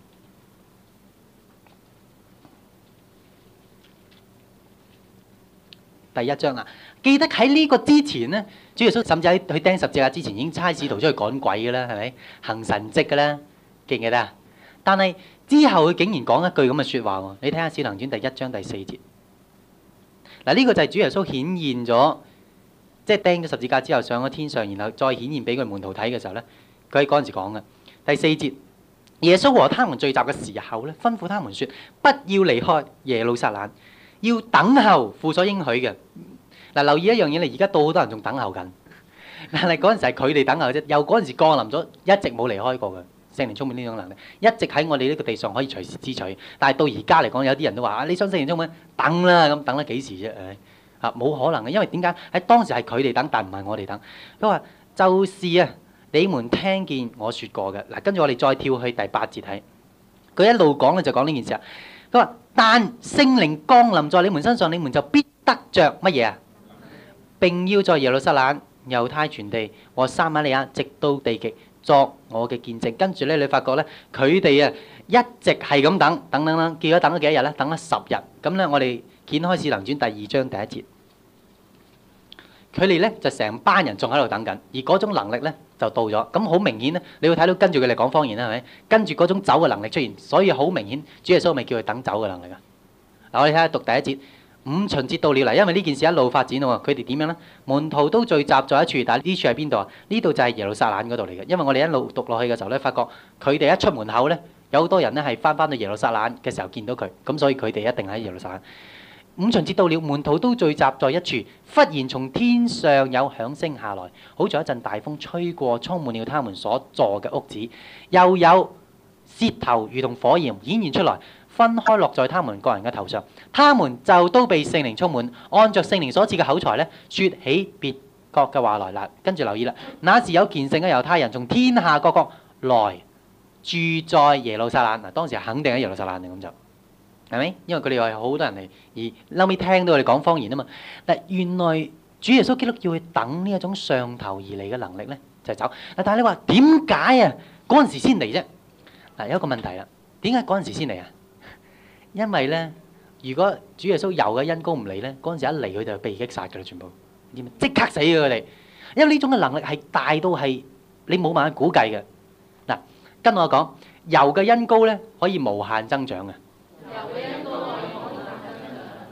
第一章啦、啊。記得喺呢個之前呢，主耶穌甚至喺佢釘十字架之前已經差使徒出去趕鬼嘅啦，係咪行神跡嘅啦？記唔記得？但係之後佢竟然講一句咁嘅説話喎。你睇下《使徒行傳》第一章第四節。嗱，呢個就係主耶穌顯現咗。即係釘咗十字架之後上咗天上，然後再顯現俾佢門徒睇嘅時候呢，佢喺嗰陣時講嘅第四節，耶穌和他們聚集嘅時候呢，吩咐他們說：不要離開耶路撒冷，要等候父所應許嘅。嗱，留意一樣嘢嚟，而家到好多人仲等候緊，但係嗰陣時係佢哋等候啫。又嗰陣時降臨咗，一直冇離開過嘅聖靈充滿呢種能力，一直喺我哋呢個地上可以隨時支取。但係到而家嚟講，有啲人都話：啊，你信聖靈充滿，等啦，咁等得幾時啫？嚇、啊、冇可能嘅，因為點解？喺當時係佢哋等，但唔係我哋等。佢話：就是啊，你們聽見我説過嘅嗱，跟住我哋再跳去第八節睇。佢一路講咧就講呢件事啊。佢話：但聖靈降臨在你們身上，你們就必得着乜嘢啊？並要在耶路撒冷、猶太全地和撒瑪利亞，直到地極作我嘅見證。跟住咧，你發覺咧，佢哋啊一直係咁等，等等等，叫咗等咗幾多日咧？等咗十日。咁咧，我哋。見開始能轉第二章第一節呢，佢哋咧就成班人仲喺度等緊，而嗰種能力咧就到咗咁，好明顯咧，你會睇到跟住佢哋講方言啦，係咪？跟住嗰種走嘅能力出現，所以好明顯，主耶穌咪叫佢等走嘅能力啊！嗱，我哋睇下讀第一節，五旬節到了嚟，因為呢件事一路發展喎，佢哋點樣呢？門徒都聚集咗一處，但呢處喺邊度啊？呢度就係耶路撒冷嗰度嚟嘅，因為我哋一路讀落去嘅時候咧，發覺佢哋一出門口咧，有好多人咧係翻翻到耶路撒冷嘅時候見到佢，咁所以佢哋一定喺耶路撒冷。五旬節到了，門徒都聚集在一處。忽然從天上有響聲下來，好像一陣大風吹過，充滿了他們所坐嘅屋子。又有舌頭如同火焰顯現出來，分開落在他們各人嘅頭上。他們就都被聖靈充滿，按着聖靈所賜嘅口才咧，説起別國嘅話來啦。跟住留意啦，那時有虔誠嘅猶太人，從天下各國來，住在耶路撒冷。嗱，當時肯定喺耶路撒冷咁就。係咪？因為佢哋話好多人嚟，而嬲尾聽到我哋講方言啊嘛。嗱，原來主耶穌基督要去等呢一種上頭而嚟嘅能力咧，就走。嗱，但係你話點解啊？嗰陣時先嚟啫。嗱，有一個問題啦，點解嗰陣時先嚟啊？因為咧，如果主耶穌油嘅恩膏唔嚟咧，嗰陣時一嚟佢就被擊殺㗎啦，全部知唔知？即刻死咗佢哋，因為呢種嘅能力係大到係你冇辦法估計嘅。嗱，跟我講，油嘅恩膏咧可以無限增長嘅。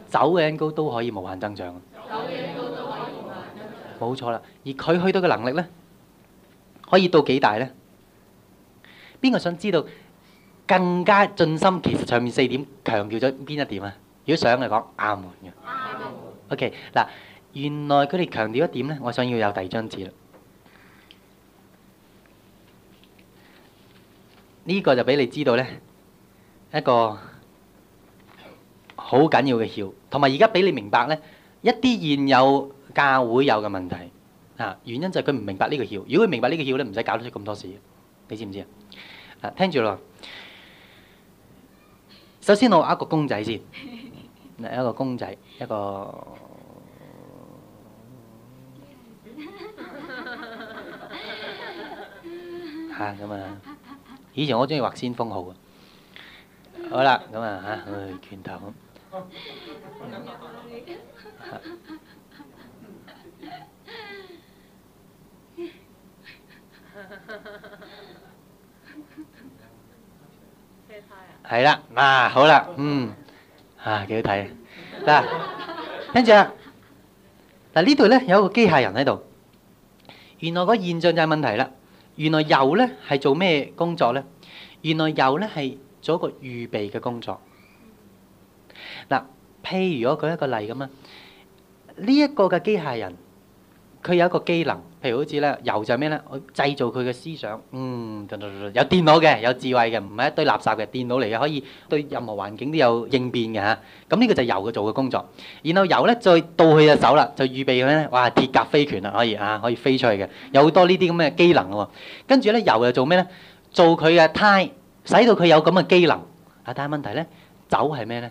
走嘅 N go 都可以無限增長，走嘅 N go 都可以無限增長，冇錯啦。而佢去到嘅能力呢，可以到幾大呢？邊個想知道更加盡心？其實上面四點強調咗邊一點啊？如果想嚟講，啱嘅。OK，嗱，原來佢哋強調一點呢，我想要有第二張紙啦。呢個就俾你知道呢，一個。好緊要嘅竅，同埋而家俾你明白呢，一啲現有教會有嘅問題啊，原因就係佢唔明白呢個竅。如果佢明白呢個竅呢，唔使搞得出咁多事，你知唔知啊？啊，聽住咯。首先我畫一個公仔先，一個公仔，一個嚇咁啊。以前我好中意畫先鋒號嘅。好啦，咁啊嚇，唉，拳頭。係啦，嗱，好啦，嗯，啊幾好睇啊！嗱，跟住啊，嗱，呢度呢，有一個機械人喺度，原來個現象就係問題啦。原來油呢係做咩工作呢？原來油呢係做一個預備嘅工作。譬如如果舉一個例咁啊，呢一個嘅機械人，佢有一個機能，譬如好似咧，油就係咩咧？我製造佢嘅思想，嗯，有電腦嘅，有智慧嘅，唔係一堆垃圾嘅，電腦嚟嘅，可以對任何環境都有應變嘅嚇。咁呢個就係油佢做嘅工作。然後油咧再到佢隻手啦，就預備咩咧？哇，鐵甲飛拳啊，可以啊，可以飛出去嘅。有好多呢啲咁嘅機能喎。跟住咧，油又做咩咧？做佢嘅胎，使到佢有咁嘅機能。但係問題咧，走係咩咧？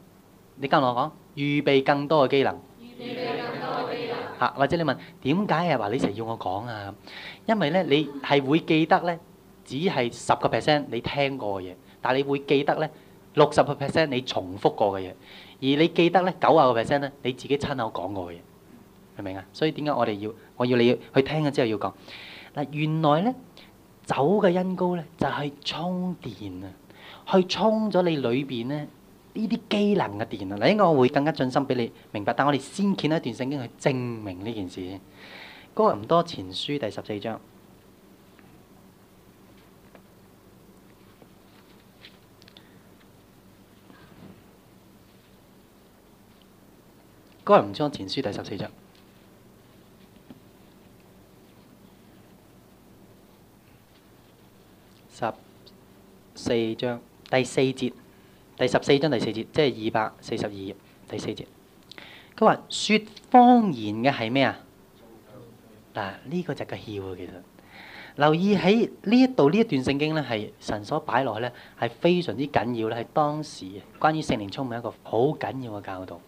你跟住我講，預備更多嘅機能。預備更多嘅機能。嚇，或者你問點解啊？話你成日要我講啊？咁，因為咧你係會記得咧，只係十個 percent 你聽過嘅嘢，但係你會記得咧六十個 percent 你重複過嘅嘢，而你記得咧九十個 percent 咧你自己親口講過嘅嘢，明唔明啊？所以點解我哋要，我要你要去聽咗之後要講嗱？原來咧走嘅音高咧就係充電啊，去充咗你裏邊咧。呢啲機能嘅電啊！嗱，應該我會更加盡心俾你明白，但係我哋先見一段聖經去證明呢件事。哥林多前書第十四章，哥林多前書第十四章，十四章第四節。第十四章第四節，即係二百四十二頁第四節。佢話，說方言嘅係咩啊？嗱，呢個就係個竅啊。其實，留意喺呢一度呢一段聖經咧，係神所擺落去咧，係非常之緊要咧，係當時關於聖靈充滿一個好緊要嘅教導。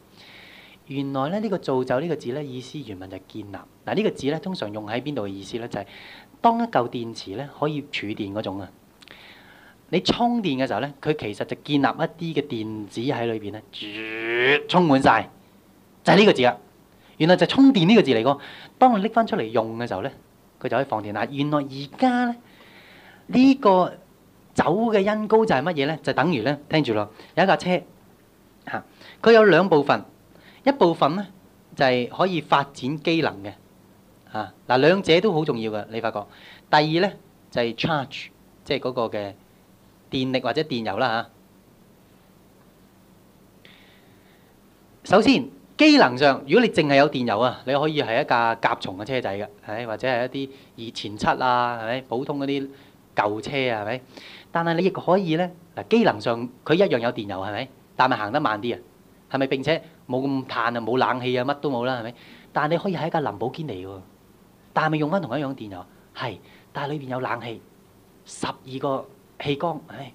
原來咧，呢個造就呢個字咧，意思原文就係建立。嗱，呢個字咧通常用喺邊度嘅意思咧，就係當一嚿電池咧可以儲電嗰種啊。你充電嘅時候呢，佢其實就建立一啲嘅電子喺裏邊呢，絕充滿晒，就係、是、呢個字啦。原來就係充電呢個字嚟嘅。當你拎翻出嚟用嘅時候呢，佢就可以放電。嗱、啊，原來而家呢，呢、這個走嘅因高就係乜嘢呢？就等於呢，聽住咯，有一架車嚇，佢、啊、有兩部分，一部分呢就係、是、可以發展機能嘅嚇。嗱、啊，兩、啊、者都好重要嘅，你發覺。第二呢就係、是、charge，即係嗰個嘅。電力或者電油啦嚇。首先，機能上，如果你淨係有電油啊，你可以係一架甲蟲嘅車仔嘅，係或者係一啲二前七啊，係咪普通嗰啲舊車啊，係咪？但係你亦可以咧，嗱機能上佢一樣有電油係咪？但係行得慢啲啊，係咪？並且冇咁嘆啊，冇冷氣啊，乜都冇啦，係咪？但係你可以係一架林寶堅尼喎，但係咪用翻同一樣電油？係，但係裏邊有冷氣，十二個。氣缸，唉，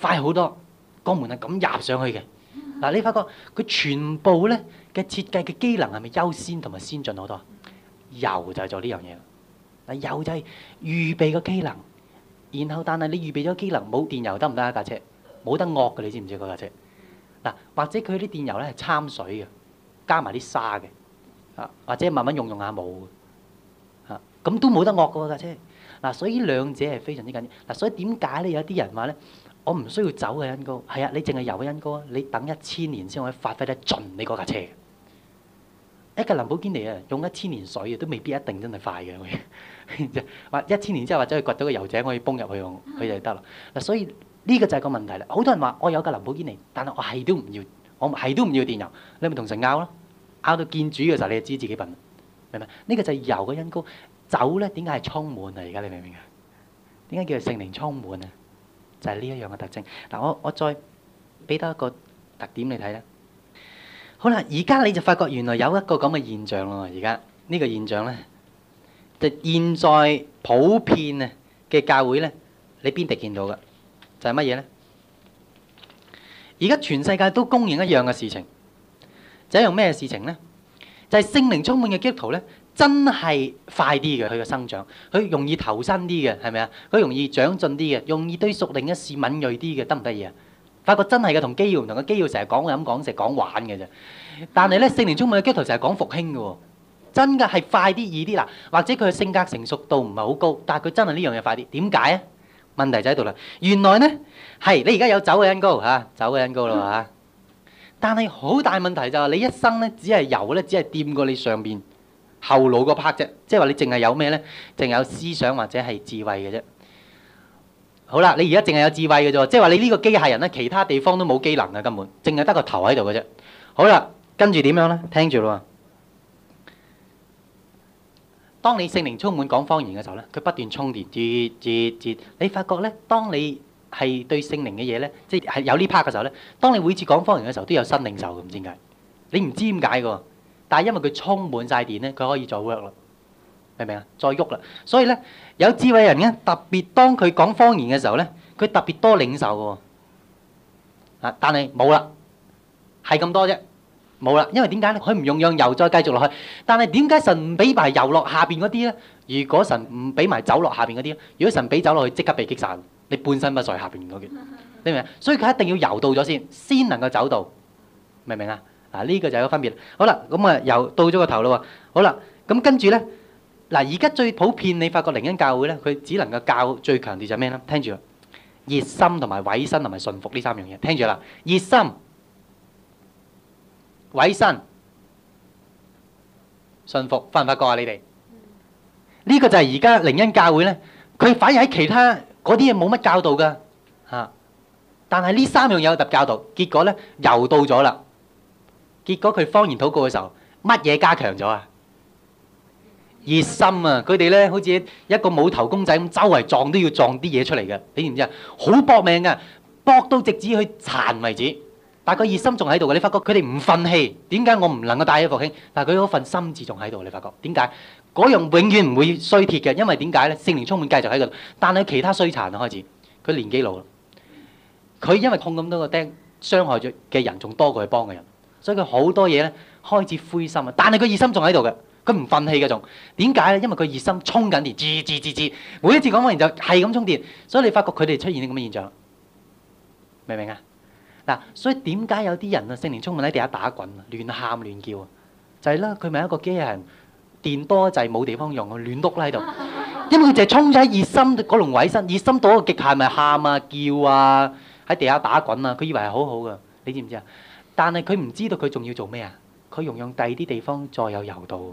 快好多，個門係咁入上去嘅。嗱，你發覺佢全部咧嘅設計嘅機能係咪優先同埋先進好多？油就係做呢樣嘢啦。嗱，油就係預備個機能，然後但係你預備咗機能，冇電油得唔得啊架車？冇得惡㗎，你知唔知嗰架車？嗱，或者佢啲電油咧係參水嘅，加埋啲沙嘅，啊，或者慢慢用用下冇嘅，啊，咁都冇得惡㗎喎架車。嗱，所以兩者係非常之緊要。嗱，所以點解咧有啲人話咧，我唔需要走嘅恩膏，係啊，你淨係油嘅恩膏，你等一千年先可以發揮得盡你嗰架車。一架林寶堅尼啊，用一千年水都未必一定真係快嘅。話一千年之後，或者佢掘到個油井，可以泵入去用，佢就得啦。嗱，所以呢個就係個問題啦。好多人話我有架林寶堅尼，但係我係都唔要，我係都唔要電油你，你咪同神拗咯，拗到見主嘅時候，你就知自己笨，明唔明？呢、這個就係油嘅恩膏。酒咧點解係充滿啊？而家你明唔明啊？點解叫做聖靈充滿啊？就係呢一樣嘅特徵。嗱，我我再俾多一個特點你睇啦。好啦，而家你就發覺原來有一個咁嘅現象咯。而家呢個現象咧，就現在普遍啊嘅教會咧，你邊地見到㗎？就係乜嘢咧？而家全世界都公認一樣嘅事情，就係一樣咩事情咧？就係聖靈充滿嘅基督徒咧。真係快啲嘅佢嘅生長，佢容易投身啲嘅係咪啊？佢容易長進啲嘅，容易對屬靈嘅事敏鋭啲嘅，得唔得意啊？發覺真係嘅同機要唔同的，嘅，機要成日講飲講食講,講玩嘅啫。但係咧四年中，我嘅基徒成日講復興嘅喎，真嘅係快啲易啲嗱。或者佢嘅性格成熟度唔係好高，但係佢真係呢樣嘢快啲。點解啊？問題就喺度啦。原來呢，係你而家有走嘅恩膏嚇，走嘅恩膏啦嚇、嗯。但係好大問題就係、是、你一生呢，只係油呢，只係掂過你上邊。後腦個 part 啫，即係話你淨係有咩咧？淨係有思想或者係智慧嘅啫。好啦，你而家淨係有智慧嘅啫，即係話你呢個機械人咧，其他地方都冇機能嘅根本，淨係得個頭喺度嘅啫。好啦，跟住點樣呢？聽住咯。當你聖靈充滿講方言嘅時候呢，佢不斷充電，接接接。你發覺呢？當你係對聖靈嘅嘢呢，即係有呢 part 嘅時候呢，當你每次講方言嘅時候都有新領袖。嘅，唔知點解，你唔知點解嘅喎。但係因為佢充滿曬電咧，佢可以再 work 啦，明唔明啊？再喐啦，所以咧有智慧人咧，特別當佢講方言嘅時候咧，佢特別多領受嘅喎。啊，但係冇啦，係咁多啫，冇啦。因為點解咧？佢唔用讓油，又再繼續落去。但係點解神唔俾埋油落下邊嗰啲咧？如果神唔俾埋走落下邊嗰啲咧，如果神俾走落去，即刻被擊散，你半身不遂下邊嗰邊，明唔明？所以佢一定要油到咗先，先能夠走到，明唔明啊？嗱，呢個就係個分別。好啦，咁啊，又到咗個頭嘞喎。好啦，咁跟住咧，嗱，而家最普遍你發覺靈恩教會咧，佢只能夠教最強調就係咩咧？聽住，熱心同埋委身同埋信服呢三樣嘢。聽住啦，熱心、委身、信服，發唔發覺啊？你哋呢個就係而家靈恩教會咧，佢反而喺其他嗰啲嘢冇乜教導噶嚇，但係呢三樣嘢有特教導，結果咧又到咗啦。結果佢方言禱告嘅時候，乜嘢加強咗啊？熱心啊！佢哋咧好似一個冇頭公仔咁，周圍撞都要撞啲嘢出嚟嘅，你知唔知啊？好搏命嘅，搏到直至去殘為止。但佢熱心仲喺度嘅，你發覺佢哋唔憤氣，點解我唔能夠帶起復興？但係佢嗰份心志仲喺度，你發覺點解？嗰樣永遠唔會衰跌嘅，因為點解咧？聖靈充滿繼續喺嗰度，但係其他衰殘開始，佢年紀老啦。佢因為碰咁多個釘，傷害咗嘅人仲多過去幫嘅人。所以佢好多嘢咧開始灰心啊，但係佢熱心仲喺度嘅，佢唔忿氣嘅仲。點解咧？因為佢熱心充緊電，吱吱吱吱，每一次講完就係咁充電。所以你發覺佢哋出現啲咁嘅現象，明唔明啊？嗱，所以點解有啲人啊，聖靈充滿喺地下打滾啊，亂喊亂叫啊，就係啦。佢咪一個機械人，電多就係冇地方用，亂碌啦喺度。因為佢就係充咗喺熱心嗰龍尾身，熱心到個極限咪喊啊叫啊，喺地下打滾啊。佢以為係好好嘅，你知唔知啊？但係佢唔知道佢仲要做咩啊？佢用用第二啲地方再有油到，呢、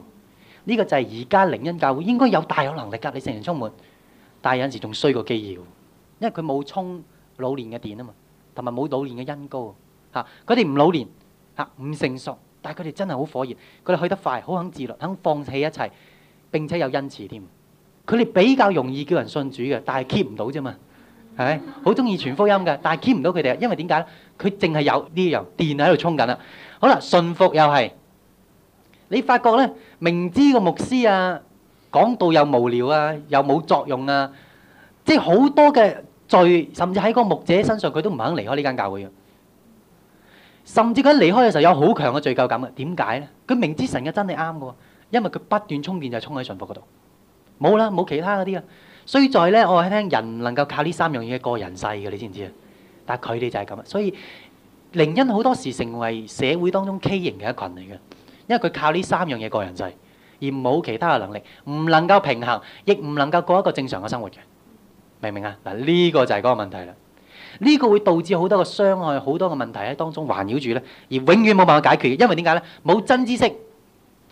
呢個就係而家靈恩教會應該有大有能力㗎。你聖靈充滿，但係有陣時仲衰過基要，因為佢冇充老年嘅電啊嘛，同埋冇老年嘅恩膏嚇。佢哋唔老年嚇唔成熟，但係佢哋真係好火熱，佢哋去得快，好肯自律，肯放棄一切，並且有恩慈添。佢哋比較容易叫人信主嘅，但係 keep 唔到啫嘛，係咪？好中意傳福音㗎，但係 keep 唔到佢哋啊，因為點解咧？佢淨係有呢樣電喺度充緊啦。好啦，信服又係你發覺咧，明知個牧師啊講道又無聊啊，又冇作用啊，即係好多嘅罪，甚至喺個牧者身上佢都唔肯離開呢間教會嘅。甚至佢一離開嘅時候有好強嘅罪疚感嘅。點解咧？佢明知神嘅真係啱嘅，因為佢不斷充電就係充喺信服嗰度。冇啦，冇其他嗰啲啊。衰在咧，我係聽人能夠靠呢三樣嘢過人世嘅，你知唔知啊？但佢哋就係咁，所以靈恩好多時成為社會當中畸形嘅一羣嚟嘅，因為佢靠呢三樣嘢過人際，而冇其他嘅能力，唔能夠平衡，亦唔能夠過一個正常嘅生活嘅，明唔明啊？嗱，呢個就係嗰個問題啦，呢個會導致好多個傷害、好多嘅問題喺當中環繞住咧，而永遠冇辦法解決，因為點解咧？冇真知識，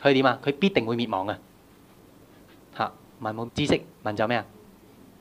佢點啊？佢必定會滅亡嘅，嚇！民冇知識，民就咩啊？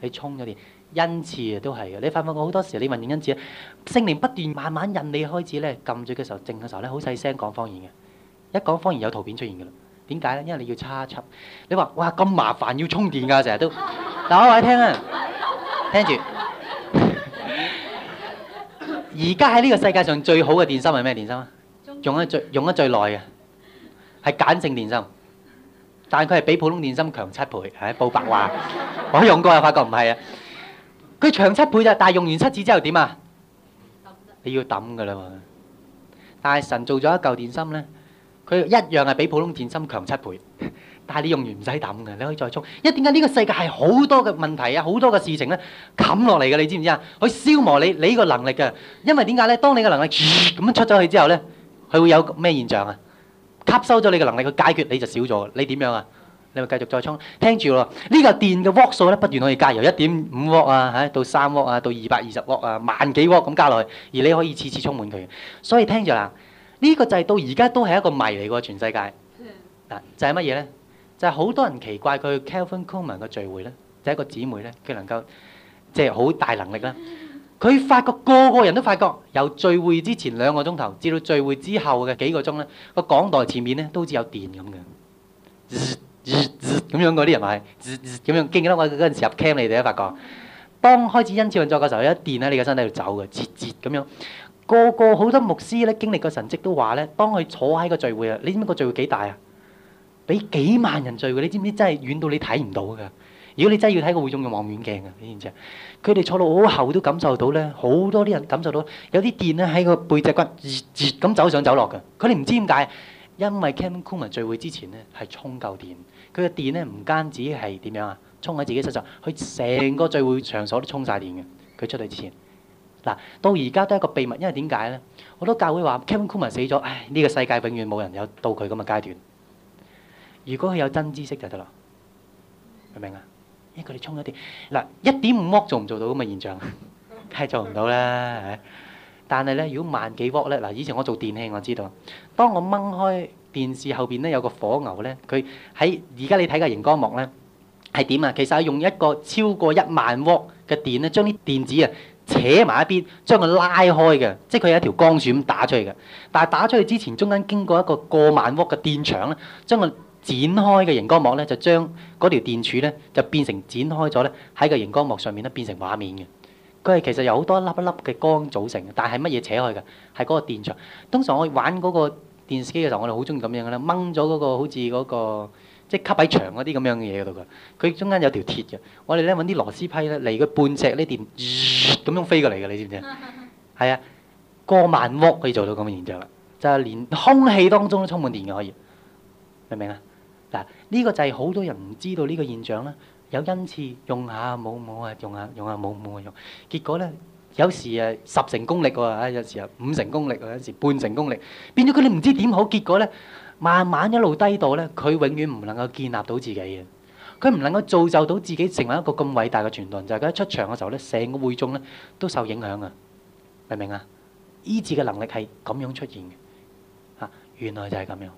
你充咗電，音次啊都係嘅。你發唔發覺好多時你運用音次啊？聖靈不斷慢慢引你開始咧，撳住嘅時候，靜嘅時候咧，好細聲講方言嘅。一講方言有圖片出現㗎喇。點解咧？因為你要插插。你話哇咁麻煩要充電㗎，成日都。嗱，我話你聽啊，聽住。而家喺呢個世界上最好嘅電芯係咩電芯啊？用得最用得最耐嘅係鹼性電芯。但佢係比普通電芯強七倍，唉、啊，報白話， 我用過又發覺唔係啊！佢長七倍啊。但係用完七次之後點啊？你要抌噶啦嘛？但係神做咗一嚿電芯咧，佢一樣係比普通電芯強七倍，但係你用完唔使抌嘅，你可以再充。因為點解呢個世界係好多嘅問題啊，好多嘅事情咧冚落嚟嘅，你知唔知啊？佢消磨你你呢個能力嘅，因為點解咧？當你嘅能力咁、呃、樣出咗去之後咧，佢會有咩現象啊？吸收咗你嘅能力，去解決你就少咗。你點樣啊？你咪繼續再充，聽住咯。呢個電嘅 volt 數咧不斷可以加油，一點五 volt 啊，嚇到三 volt 啊，到二百二十 volt 啊，萬幾 volt 咁加落去，而你可以次次充滿佢。所以聽住啦，呢個就係到而家都係一個謎嚟㗎，全世界。嗱就係乜嘢咧？就係好多人奇怪佢 Kathryn Kuhlman 嘅聚會咧，就係一個姊妹咧，佢能夠即係好大能力啦。佢發覺個個人都發覺，由聚會之前兩個鐘頭，至到聚會之後嘅幾個鐘咧，個講台前面咧都好似有電咁嘅，咁樣嗰啲人係，咁樣記唔記得我嗰陣時入 camp 你哋都發覺，當開始恩賜運作嘅時候，一電喺你個身體度走嘅，節節咁樣。個個好多牧師咧經歷過神跡都話咧，當佢坐喺個聚會啊，你知唔知個聚會幾大啊？比幾萬人聚會，你知唔知真係遠到你睇唔到㗎？如果你真係要睇個會眾嘅望遠鏡嘅，你知唔知啊？佢哋坐到好後都感受到咧，好多啲人感受到有啲電咧喺個背脊骨熱熱咁走上走落嘅。佢哋唔知點解，因為 Cameron Kuwah 聚會之前咧係充夠電，佢嘅電咧唔單止係點樣啊？充喺自己身上，佢成個聚會場所都充晒電嘅。佢出去之前，嗱到而家都係一個秘密，因為點解咧？好多教會話 Cameron Kuwah 死咗，唉呢個世界永遠冇人有到佢咁嘅階段。如果佢有真知識就得啦，明唔明啊？因為佢哋充咗電，嗱，一點五伏做唔做到咁嘅現象？梗 係做唔到啦，但係咧，如果萬幾伏咧，嗱，以前我做電器我知道，當我掹開電視後邊咧有個火牛咧，佢喺而家你睇嘅熒光幕咧係點啊？其實係用一個超過一萬伏嘅電咧，將啲電子啊扯埋一邊，將佢拉開嘅，即係佢有一條光線咁打出去嘅。但係打出去之前，中間經過一個過萬伏嘅電場咧，將佢，剪開嘅熒光幕咧，就將嗰條電柱咧，就變成剪開咗咧，喺個熒光幕上面咧變成畫面嘅。佢係其實有好多一粒一粒嘅光組成嘅，但係乜嘢扯開嘅？係嗰個電場。通常我玩嗰個電視機嘅時候，我哋、那個、好中意咁樣嘅啦，掹咗嗰個好似嗰個即係吸喺牆嗰啲咁樣嘅嘢度嘅。佢中間有一條鐵嘅，我哋咧揾啲螺絲批咧嚟，佢半隻呢電咁、呃、樣飛過嚟嘅，你知唔知啊？係 啊，過萬伏可以做到咁嘅現象啦，就係、是、連空氣當中都充滿電嘅可以，明唔明啊？呢個就係好多人唔知道呢個現象啦，有恩賜用下，冇冇啊用下用下冇冇啊用，結果咧有時誒十成功力喎，有時啊五成功力，有時半成功力，變咗佢哋唔知點好，結果咧慢慢一路低到咧，佢永遠唔能夠建立到自己嘅，佢唔能夠造就到自己成為一個咁偉大嘅傳道人，就係佢一出場嘅時候咧，成個會眾咧都受影響啊，明唔明啊？醫治嘅能力係咁樣出現嘅，吓，原來就係咁樣。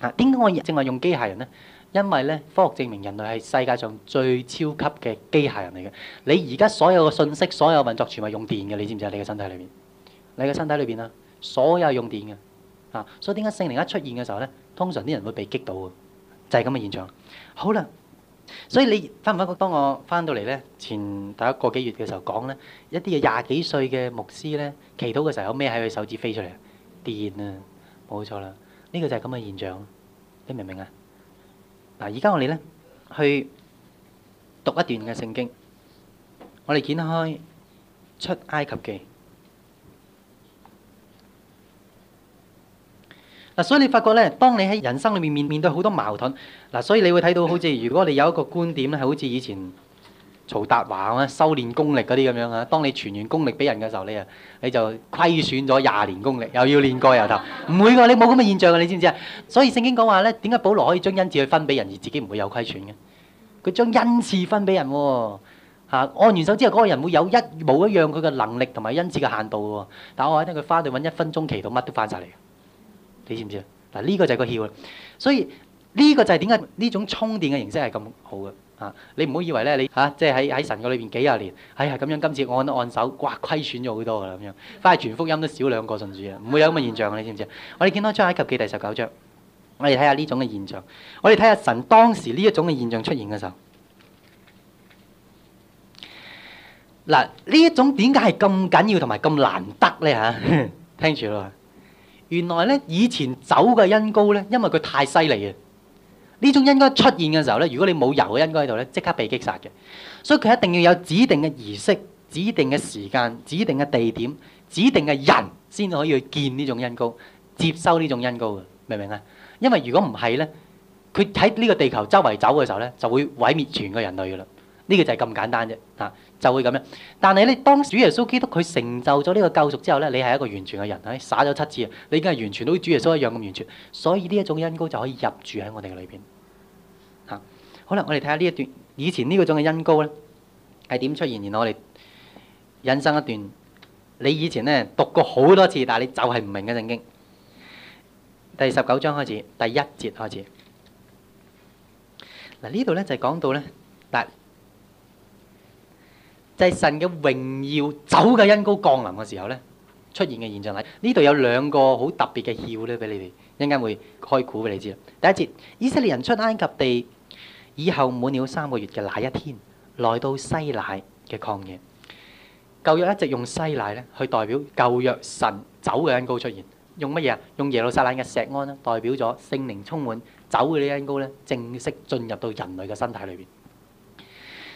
啊！點解我淨係用機械人呢？因為咧，科學證明人類係世界上最超級嘅機械人嚟嘅。你而家所有嘅信息、所有運作，全係用電嘅，你知唔知啊？你嘅身體裏邊，你嘅身體裏邊啊，所有用電嘅啊。所以點解聖靈一出現嘅時候呢，通常啲人會被擊倒嘅，就係咁嘅現象。好啦，所以你發唔發覺？當我翻到嚟呢，前大概個幾月嘅時候講呢，一啲嘅廿幾歲嘅牧師呢，祈禱嘅時候有咩喺佢手指飛出嚟啊！電啊，冇錯啦。呢個就係咁嘅現象，你明唔明啊？嗱，而家我哋呢去讀一段嘅聖經，我哋展開出埃及記。嗱，所以你發覺呢，當你喺人生裏面面面對好多矛盾，嗱，所以你會睇到好似，如果你有一個觀點呢，係好似以前。曹達華啊，修練功力嗰啲咁樣啊，當你傳完功力俾人嘅時候，你啊你就虧損咗廿年功力，又要練過由頭，唔 會㗎，你冇咁嘅現象啊，你，你知唔知啊？所以聖經講話呢，點解保羅可以將恩賜分俾人而自己唔會有虧損嘅？佢將恩賜分俾人喎、啊、按完手之後嗰、嗰個人會有一冇一樣佢嘅能力同埋恩賜嘅限度喎、啊。但我喺呢個花店揾一分鐘祈禱，乜都翻晒嚟你知唔知啊？嗱，呢個就係個竅啦。所以呢、呢個就係點解呢種充電嘅形式係咁好嘅。你唔好以為咧，你嚇即係喺喺神嘅裏邊幾廿年，哎呀咁樣，今次按按手，刮，虧損咗好多噶啦，咁樣，翻去傳福音都少兩個甚至，啊，唔會有咁嘅現象，你知唔知？我哋見到《出埃及記》第十九章，我哋睇下呢種嘅現象，我哋睇下神當時呢一種嘅現象出現嘅時候，嗱呢一種點解係咁緊要同埋咁難得咧吓？ 聽住咯，原來咧以前走嘅恩膏咧，因為佢太犀利啊。呢種恩膏出現嘅時候呢，如果你冇油嘅恩膏喺度呢，即刻被擊殺嘅。所以佢一定要有指定嘅儀式、指定嘅時間、指定嘅地點、指定嘅人先可以去見呢種恩膏、接收呢種恩膏嘅，明唔明啊？因為如果唔係呢，佢喺呢個地球周圍走嘅時候呢，就會毀滅全個人類嘅啦。呢、這個就係咁簡單啫，啊，就會咁樣。但係咧，當主耶穌基督佢成就咗呢個救贖之後咧，你係一個完全嘅人喺撒咗七次，啊，你已經係完全到主耶穌一樣咁完全。所以呢一種恩膏就可以入住喺我哋嘅裏邊。吓，好啦，我哋睇下呢一段以前呢個種嘅恩膏咧係點出現，然後我哋引申一段你以前咧讀過好多次，但係你就係唔明嘅聖經。第十九章開始，第一節開始。嗱呢度咧就係講到咧。就係神嘅榮耀酒嘅恩膏降臨嘅時候咧，出現嘅現象，係呢度有兩個好特別嘅竅咧，俾你哋一陣間會開估俾你知。第一節，以色列人出埃及地以後滿了三個月嘅那一天，來到西乃嘅曠野。舊約一直用西乃咧去代表舊約神酒嘅恩膏出現，用乜嘢啊？用耶路撒冷嘅石安咧，代表咗聖靈充滿酒嘅呢恩膏咧，正式進入到人類嘅身體裏邊。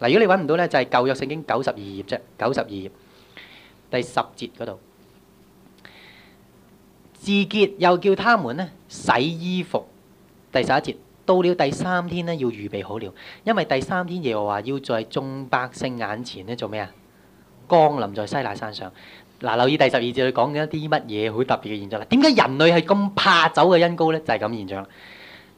嗱，如果你揾唔到咧，就係、是、舊約聖經九十二頁啫，九十二頁第十節嗰度，自潔又叫他們咧洗衣服。第十一節到了第三天咧，要預備好了，因為第三天耶和華要在眾百姓眼前咧做咩啊？降臨在西奈山上。嗱，留意第十二節佢講緊一啲乜嘢好特別嘅現象啦？點解人類係咁怕走嘅因高咧？就係咁現象。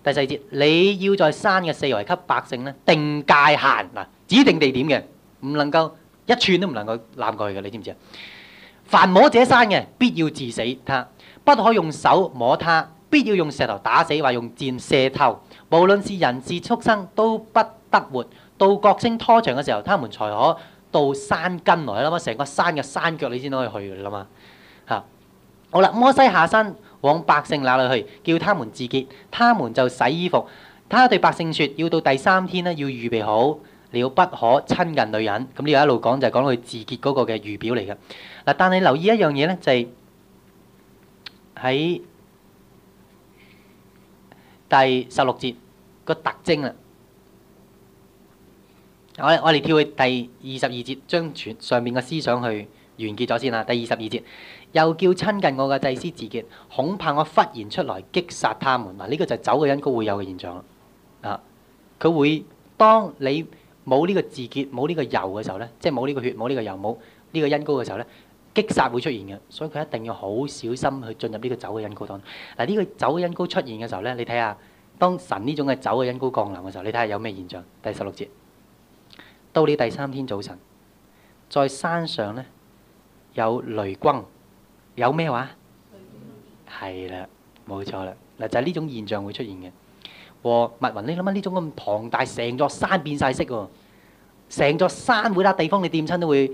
第四節，你要在山嘅四圍給百姓咧定界限，嗱，指定地點嘅，唔能夠一寸都唔能夠攬過去嘅，你知唔知啊？凡摸這山嘅，必要治死他，不可用手摸他，必要用石頭打死，或用箭射透。無論是人是畜生，都不得活。到角聲拖長嘅時候，他們才可到山根來。你嘛，成個山嘅山腳，你先可以去嘅，你嘛。吓。好啦，摩西下山。往百姓那裡去，叫他們自潔，他們就洗衣服。他對百姓說：要到第三天呢，要預備好了，不可親近女人。咁呢，一路講就係講到佢自潔嗰個嘅預表嚟嘅。嗱，但你留意一樣嘢呢，就係喺第十六節個特徵啦。我我哋跳去第二十二節，將全上面嘅思想去完結咗先啦。第二十二節。又叫親近我嘅祭司自潔，恐怕我忽然出來擊殺他們。嗱，呢個就係走嘅恩膏會有嘅現象啦。啊，佢會當你冇呢個自潔、冇呢個油嘅時候呢，即係冇呢個血、冇呢個油、冇呢個恩膏嘅時候呢，擊殺會出現嘅。所以佢一定要好小心去進入呢個走嘅恩膏當。嗱，呢個走嘅恩膏出現嘅時候呢，你睇下，當神呢種嘅走嘅恩膏降臨嘅時候，你睇下有咩現象？第十六節，到咗第三天早晨，在山上呢，有雷轟。有咩話？係啦，冇錯啦，嗱，就係呢種現象會出現嘅。和密雲，你諗下？呢種咁龐大，成座山變曬色喎，成座山每笪地方你掂親都會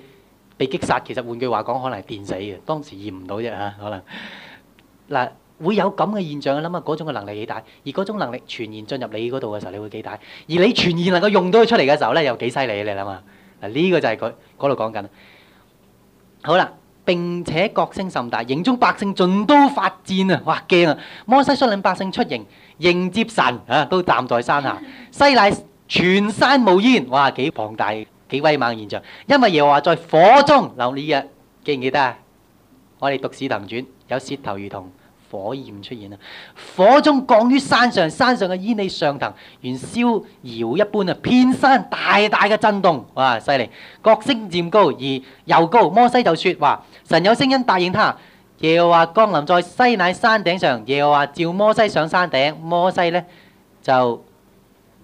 被擊殺。其實換句話講，可能係電死嘅，當時驗唔到啫嚇，可能嗱，會有咁嘅現象。你諗下？嗰種嘅能力幾大？而嗰種能力全然進入你嗰度嘅時候，你會幾大？而你全然能夠用到佢出嚟嘅時候咧，又幾犀利？你諗下？嗱，呢個就係佢嗰度講緊。好啦。並且角聲甚大，營中百姓盡都發顫啊！哇，驚啊！摩西率領百姓出營迎接神啊，都站在山下。西乃全山冒煙，哇，幾龐大幾威猛現象。因為耶和華在火中流。嗱，呢日記唔記得啊？我哋讀使徒傳有舌頭如同」。火焰出現啊！火中降於山上，山上嘅煙氣上騰，如燒搖一般啊！遍山大大嘅震動，哇！犀利，角聲漸高而又高。摩西就説話：神有聲音答應他。耶和華降臨在西乃山頂上。耶和華召摩西上山頂，摩西呢就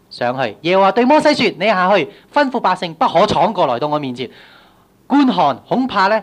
上去。耶和華對摩西説：你下去，吩咐百姓不可闖過來到我面前觀看，恐怕呢。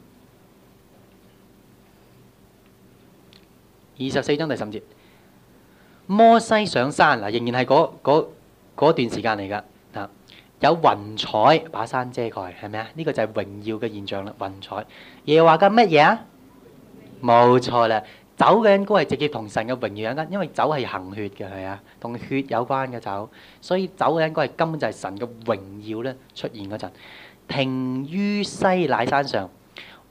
二十四章第十五節，摩西上山嗱，仍然係嗰嗰嗰段時間嚟㗎嗱，有雲彩把山遮蓋，係咪啊？呢個就係榮耀嘅現象啦。雲彩，耶華嘅乜嘢啊？冇錯啦，油嘅應該係直接同神嘅榮耀有關，因為油係行血嘅係啊，同血有關嘅油，所以油嘅應該係根本就係神嘅榮耀咧出現嗰陣，停於西乃山上。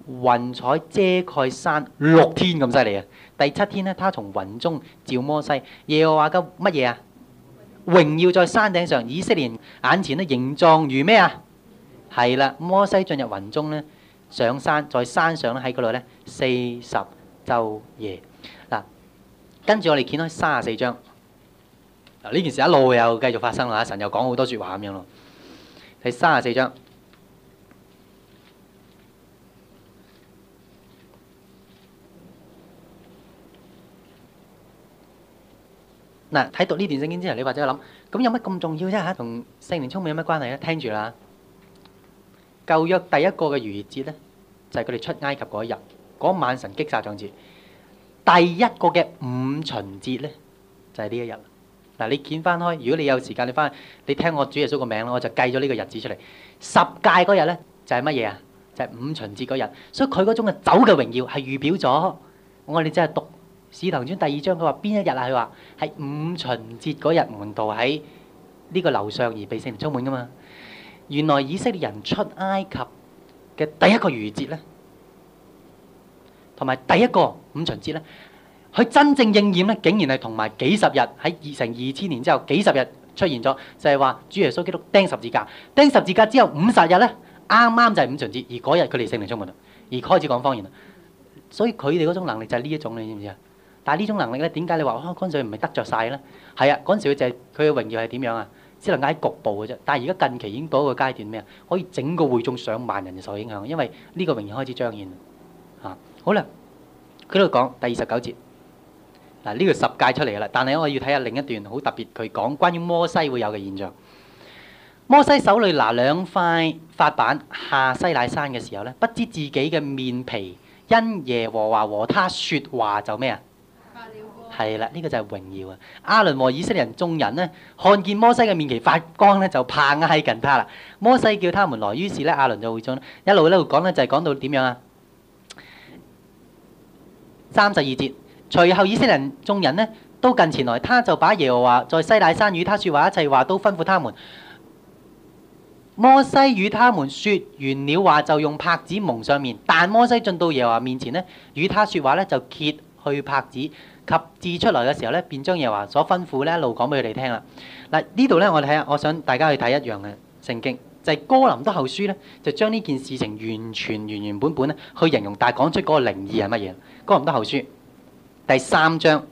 雲彩遮蓋山六天，咁犀利啊！第七天呢，他從雲中召摩西。耶和華嘅乜嘢啊？榮耀在山頂上，以色列眼前咧形狀如咩啊？係啦，摩西進入雲中呢，上山，在山上喺嗰度呢，四十晝夜嗱。跟、啊、住我哋掀開三十四章。嗱、啊、呢件事一路又繼續發生啦、啊，神又講好多說話咁樣咯。第三十四章。嗱，睇到呢段聖經之後，你或者諗，咁有乜咁重要啫？嚇，同聖靈充滿有乜關係咧？聽住啦，舊約第一個嘅逾越節咧，就係佢哋出埃及嗰一日，嗰晚神擊殺仗節。第一個嘅五旬節呢，就係呢一日。嗱，你見翻開，如果你有時間，你翻去，你聽我主耶穌個名啦，我就計咗呢個日子出嚟。十戒嗰日呢，就係乜嘢啊？就係五旬節嗰日。所以佢嗰種嘅酒嘅榮耀係預表咗。我哋真係讀。史堂章第二章，佢話邊一日啊？佢話係五旬節嗰日門徒喺呢個樓上而被聖靈充滿噶嘛。原來以色列人出埃及嘅第一個逾節咧，同埋第一個五旬節咧，佢真正應驗咧，竟然係同埋幾十日喺二成二千年之後幾十日出現咗，就係話主耶穌基督釘十字架，釘十字架之後五十日咧，啱啱就係五旬節，而嗰日佢哋聖靈充滿，而開始講方言啦。所以佢哋嗰種能力就係呢一種，你知唔知啊？但係呢種能力咧，點解你話啊？嗰陣時唔係得著曬咧。係啊，嗰陣時佢就係佢嘅榮耀係點樣啊？只能喺局部嘅啫。但係而家近期已經到一個階段咩啊？可以整個會眾上萬人受影響，因為呢個榮耀開始彰顯啊。好啦，佢喺度講第二十九節。嗱，呢個十誡出嚟噶啦，但係我要睇下另一段好特別，佢講關於摩西會有嘅現象。摩西手裏拿兩塊法版下西奈山嘅時候咧，不知自己嘅面皮因耶和華和他說話就咩啊？係啦，呢、這個就係榮耀啊！亞倫和以色列人眾人呢，看見摩西嘅面皮發光呢，就怕啊喺近他啦。摩西叫他們來，於是呢，亞倫就會將一路呢度講呢，就係、是、講到點樣啊？三十二節，隨後以色列人眾人呢，都近前來，他就把耶和華在西奈山與他説話一切話都吩咐他們。摩西與他們説完了話，就用帕子蒙上面，但摩西進到耶和華面前呢，與他説話呢，就揭去帕子。及至出來嘅時候咧，便將耶和華所吩咐咧一路講俾佢哋聽啦。嗱，呢度咧，我哋睇下，我想大家去睇一樣嘅聖經，就係哥林多後書咧，就將呢件事情完全原原本本咧去形容，但係講出嗰個靈意係乜嘢。哥林多後書第三章，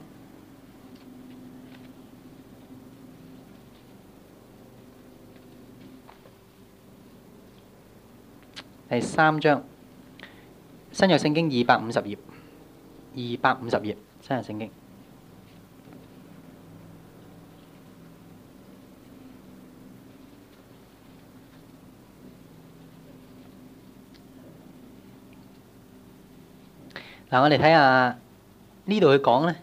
第三章，新約聖經二百五十頁，二百五十頁。睇下聖經。嗱，我哋睇下呢度佢講呢，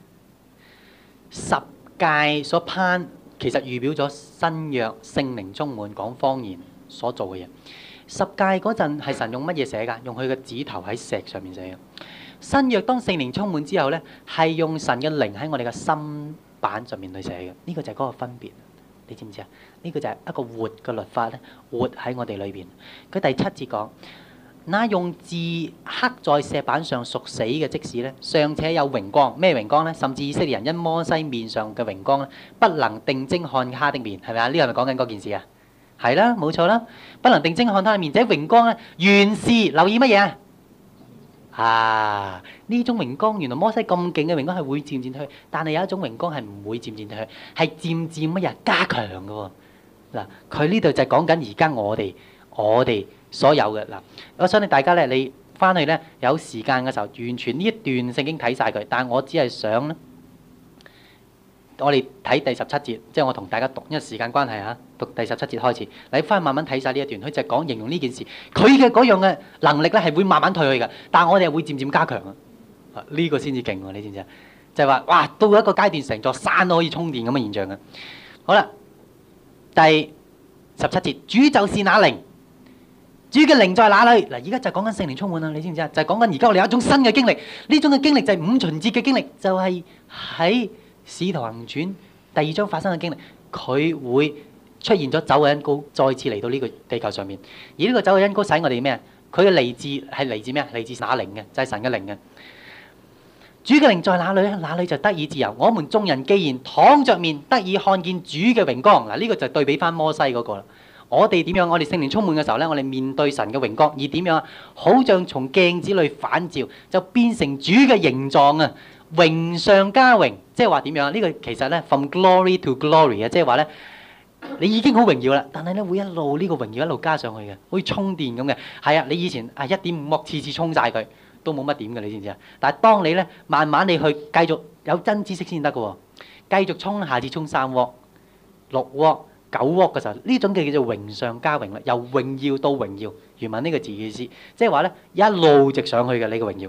十誡所攀其實預表咗新約聖靈充滿講方言所做嘅嘢。十誡嗰陣係神用乜嘢寫㗎？用佢嘅指頭喺石上面寫嘅。新約當聖靈充滿之後呢係用神嘅靈喺我哋嘅心板上面去寫嘅。呢個就係嗰個分別，你知唔知啊？呢個就係一個活嘅律法呢活喺我哋裏邊。佢第七節講：那用字刻在石板上，屬死嘅，即使呢，尚且有榮光。咩榮光呢？甚至以色列人因摩西面上嘅榮光咧，不能定睛看他的面，係咪啊？呢個係咪講緊嗰件事啊，係啦，冇錯啦，不能定睛看他嘅面，這榮光咧，原是留意乜嘢？啊！呢種榮光原來摩西咁勁嘅榮光係會漸漸退去，但係有一種榮光係唔會漸漸退去，係漸漸乜嘢加強嘅喎、哦。嗱，佢呢度就係講緊而家我哋我哋所有嘅嗱、啊，我相信大家咧，你翻去咧有時間嘅時候，完全呢一段聖經睇晒佢，但係我只係想咧。我哋睇第十七節，即係我同大家讀，因為時間關係嚇，讀第十七節開始。你翻去慢慢睇晒呢一段，佢就講形容呢件事，佢嘅嗰樣嘅能力咧係會慢慢退去嘅，但係我哋係會漸漸加強啊！呢、這個先至勁喎，你知唔知啊？就係、是、話，哇，到一個階段，成座山都可以充電咁嘅現象嘅。好啦，第十七節，主就是那靈，主嘅靈在哪裏？嗱，而家就講緊聖靈充滿啊！你知唔知啊？就講緊而家我哋有一種新嘅經歷，呢種嘅經歷就係五旬節嘅經歷，就係喺。《使徒行傳》第二章發生嘅經歷，佢會出現咗走嘅恩高再次嚟到呢個地球上面。而呢個走嘅恩高使我哋咩啊？佢嘅嚟自係嚟自咩啊？嚟自那靈嘅，就係、是、神嘅靈嘅。主嘅靈在哪裏咧？哪裏就得以自由。我們眾人既然躺着面得以看見主嘅榮光，嗱、這、呢個就對比翻摩西嗰、那個啦。我哋點樣？我哋聖靈充滿嘅時候咧，我哋面對神嘅榮光而點樣啊？好像從鏡子裏反照，就變成主嘅形狀啊！榮上加榮，即係話點樣呢、呢個其實呢 from glory to glory 啊，即係話呢，你已經好榮耀啦，但係呢會一路呢、呢個榮耀一路加上去嘅，好似充電咁嘅。係啊，你以前係一點五鍋次次充晒佢，都冇乜點嘅，你知唔知啊？但係當你呢，慢慢你去繼續有真知識先得嘅喎，繼續充，下次充三鍋、六鍋、九鍋嘅時候，呢種嘅叫做榮上加榮啦，由榮耀到榮耀，原文呢個字嘅意思，即係話呢，這個、一路直上去嘅呢個榮耀。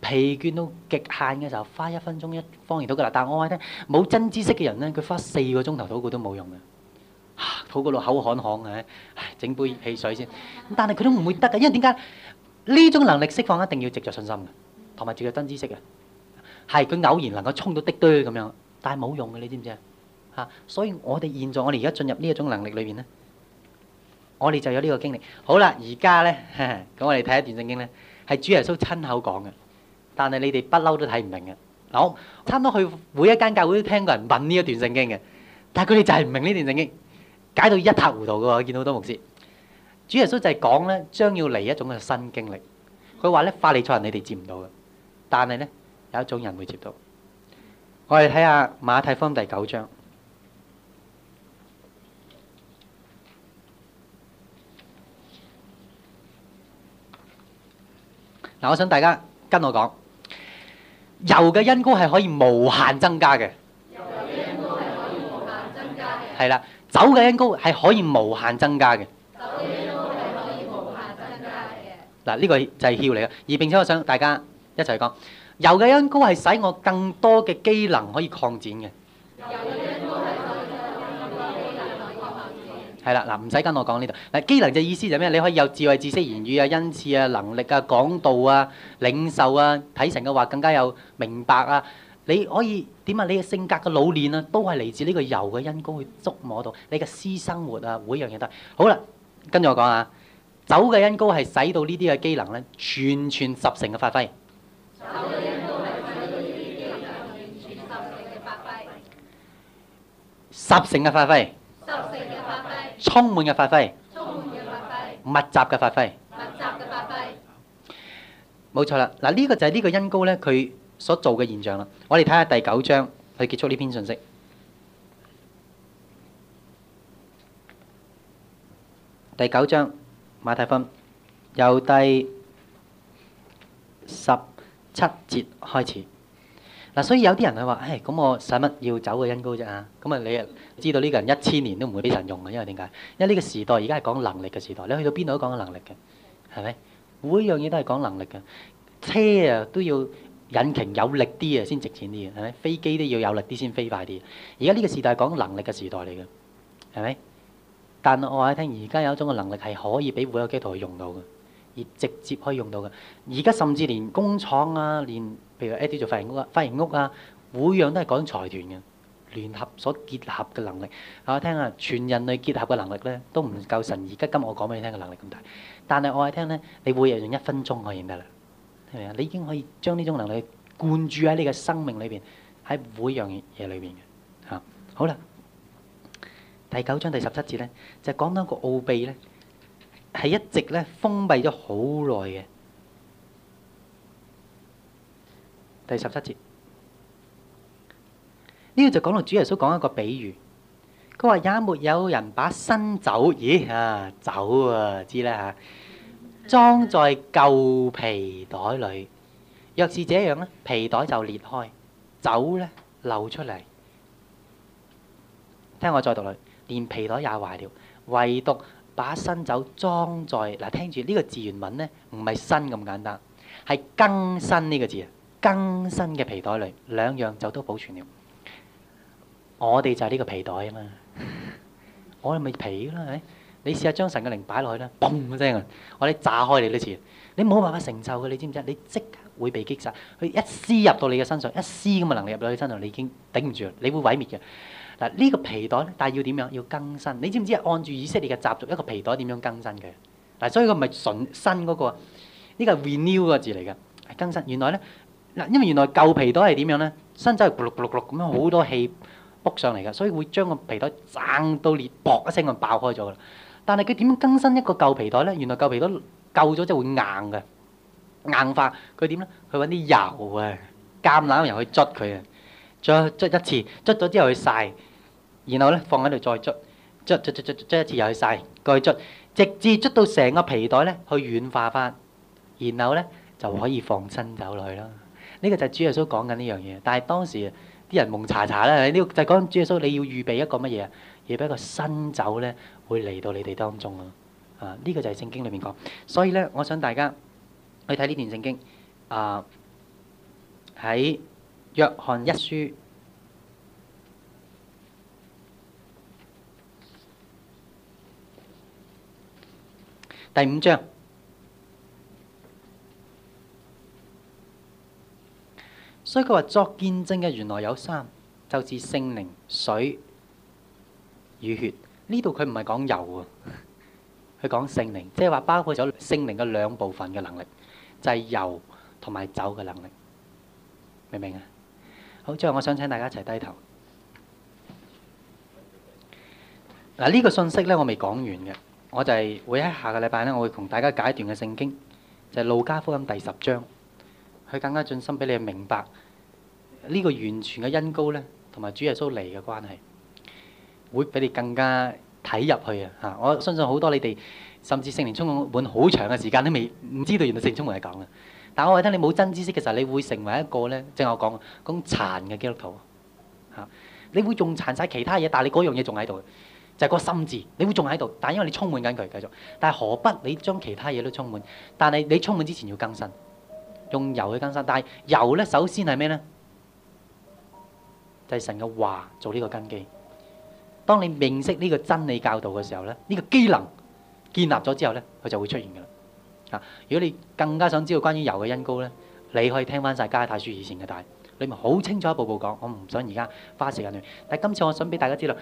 疲倦到極限嘅時候，花一分鐘一方言都噶啦。但係我話咧，冇真知識嘅人咧，佢花四個鐘頭禱告都冇用嘅。禱告到口乾乾嘅，整杯汽水先。咁但係佢都唔會得嘅，因為點解呢種能力釋放一定要藉著信心嘅，同埋藉著真知識嘅。係佢偶然能夠衝到啲堆咁樣，但係冇用嘅，你知唔知啊？嚇！所以我哋現在我哋而家進入呢一種能力裏邊咧，我哋就有呢個經歷。好啦，而家咧，咁我哋睇一段聖經咧，係主耶穌親口講嘅。但係你哋不嬲都睇唔明嘅。嗱，我差唔多去每一間教會都聽過人問呢一段聖經嘅，但係佢哋就係唔明呢段聖經，解到一塌糊塗㗎喎，我見到好多牧師。主耶穌就係講咧，將要嚟一種嘅新經歷，佢話咧，法利賽人你哋接唔到嘅，但係咧有一種人會接到。我哋睇下馬太福音第九章。嗱，我想大家跟我講。油嘅恩膏係可以無限增加嘅。油嘅恩膏係可以無限增加嘅。係啦，酒嘅恩膏係可以無限增加嘅。酒嘅恩膏係可以無限增加嘅。嗱，呢個就係竅嚟嘅，而並且我想大家一齊講，油嘅恩膏係使我更多嘅機能可以擴展嘅。係啦，嗱唔使跟我講呢度。嗱，機能嘅意思就係咩？你可以有智慧、知識、言語啊、恩賜啊、能力啊、講道啊、領受、啊、體成嘅話，更加有明白啊。你可以點啊？你嘅性格嘅老練啊，都係嚟自呢個油嘅恩膏去觸摸到你嘅私生活啊，每樣嘢都係。好啦，跟住我講啊，油嘅恩膏係使到呢啲嘅機能咧，全全全能完全十成嘅發揮。油嘅恩膏係使到呢啲嘢完全十成嘅發揮。十成嘅發揮。充滿嘅發揮，充滿嘅發揮，密集嘅發揮，密集嘅發揮，冇錯啦。嗱，呢個就係呢個恩膏呢，佢所做嘅現象啦。我哋睇下第九章去結束呢篇信息。第九章馬太分由第十七節開始。嗱，所以有啲人係話，誒、哎，咁我使乜要走個恩膏啫？啊，咁啊，你知道呢個人一千年都唔會俾人用嘅，因為點解？因為呢個時代而家係講能力嘅時代，你去到邊度都講緊能力嘅，係咪？每一樣嘢都係講能力嘅，車啊都要引擎有力啲啊，先值錢啲嘅，係咪？飛機都要有力啲先飛快啲。而家呢個時代係講能力嘅時代嚟嘅，係咪？但我話你聽，而家有一種嘅能力係可以俾每個機台用到嘅。而直接可以用到嘅，而家甚至連工廠啊，連譬如 a d 做髮型屋啊，髮型屋啊，每樣都係講財團嘅聯合所結合嘅能力。我聽下啊，全人類結合嘅能力咧都唔夠神。而家今日我講俾你聽嘅能力咁大，但係我係聽咧，你每日用一分鐘可以得啦。係咪啊？你已經可以將呢種能力灌注喺你嘅生命裏邊，喺每樣嘢裏邊嘅嚇。好啦，第九章第十七節咧，就係講到一個奧秘咧。係一直咧封閉咗好耐嘅。第十七節呢度就講到主耶穌講一個比喻，他說，佢話也沒有人把新酒，咦啊酒啊知啦嚇、啊，裝在舊皮袋裏，若是這樣咧，皮袋就裂開，酒咧流出嚟。聽我再讀落去，連皮袋也壞了，唯獨。把新酒裝在，嗱，聽住呢個字原文咧，唔係新咁簡單，係更新呢個字啊，更新嘅皮袋裏兩樣就都保存了。我哋就係呢個皮袋啊嘛，我咪皮啦，你試下將神嘅靈擺落去啦，嘣聲啊，我哋炸開你啲錢，你冇辦法承受佢，你知唔知？你即刻會被擊殺，佢一絲入到你嘅身上，一絲咁嘅能力入到你身上，你已經頂唔住，你會毀滅嘅。嗱、這、呢個皮袋咧，但係要點樣要更新？你知唔知？按住以色列嘅習俗，一個皮袋點樣更新嘅？嗱，所以佢唔係純新嗰個，呢個係 renew 個字嚟嘅，係更新。原來咧，嗱，因為原來舊皮袋係點樣咧？身仔係咕碌咕碌咁樣好多氣卜上嚟嘅，所以會將個皮袋撐到裂，薄一聲咁爆開咗啦。但係佢點樣更新一個舊皮袋咧？原來舊皮袋舊咗就會硬嘅，硬化。佢點咧？去揾啲油啊，橄欖油去捽佢啊，捽捽一次，捽咗之後去曬。然後咧，放喺度再捽，捽捽捽捽捽一次又去曬，過去捽，直至捽到成個皮袋咧，去軟化翻。然後咧，就可以放新酒落去啦。呢個就係主耶穌講緊呢樣嘢。但係當時啲人蒙查查啦，呢個就係講主耶穌你要預備一個乜嘢？預備一個新酒咧，會嚟到你哋當中咯。啊，呢個就係聖經裡面講。所以咧，我想大家去睇呢段聖經。啊，喺約翰一書。第五章，所以佢話作見證嘅原來有三，就似聖靈、水與血。呢度佢唔係講油啊，佢講聖靈，即係話包括咗聖靈嘅兩部分嘅能力，就係、是、油同埋酒嘅能力，明唔明啊？好，最後我想請大家一齊低頭。嗱，呢個信息呢，我未講完嘅。我就係會喺下個禮拜咧，我會同大家解一段嘅聖經，就係路加福音第十章，佢更加盡心俾你明白呢個完全嘅恩膏咧，同埋主耶穌嚟嘅關係，會俾你更加睇入去啊！嚇，我相信好多你哋，甚至聖靈充滿好長嘅時間都未唔知道原來聖靈充滿係講嘅。但係我話聽你冇真知識嘅時候，你會成為一個咧，正我講咁殘嘅基督徒嚇，你會仲殘晒其他嘢，但係你嗰樣嘢仲喺度。.就係、是、個心智，你會仲喺度，但係因為你充滿緊佢繼續。但係何不你將其他嘢都充滿？但係你，你充滿之前要更新，用油去更新。但係油咧，首先係咩呢？就係、是、神嘅話做呢個根基。當你認識呢個真理教導嘅時候咧，呢、這個機能建立咗之後咧，佢就會出現㗎啦。啊，如果你更加想知道關於油嘅恩膏咧，你可以聽翻晒加太書以前嘅帶，你咪好清楚一步步講。我唔想而家花時間去。但係今次我想俾大家知道。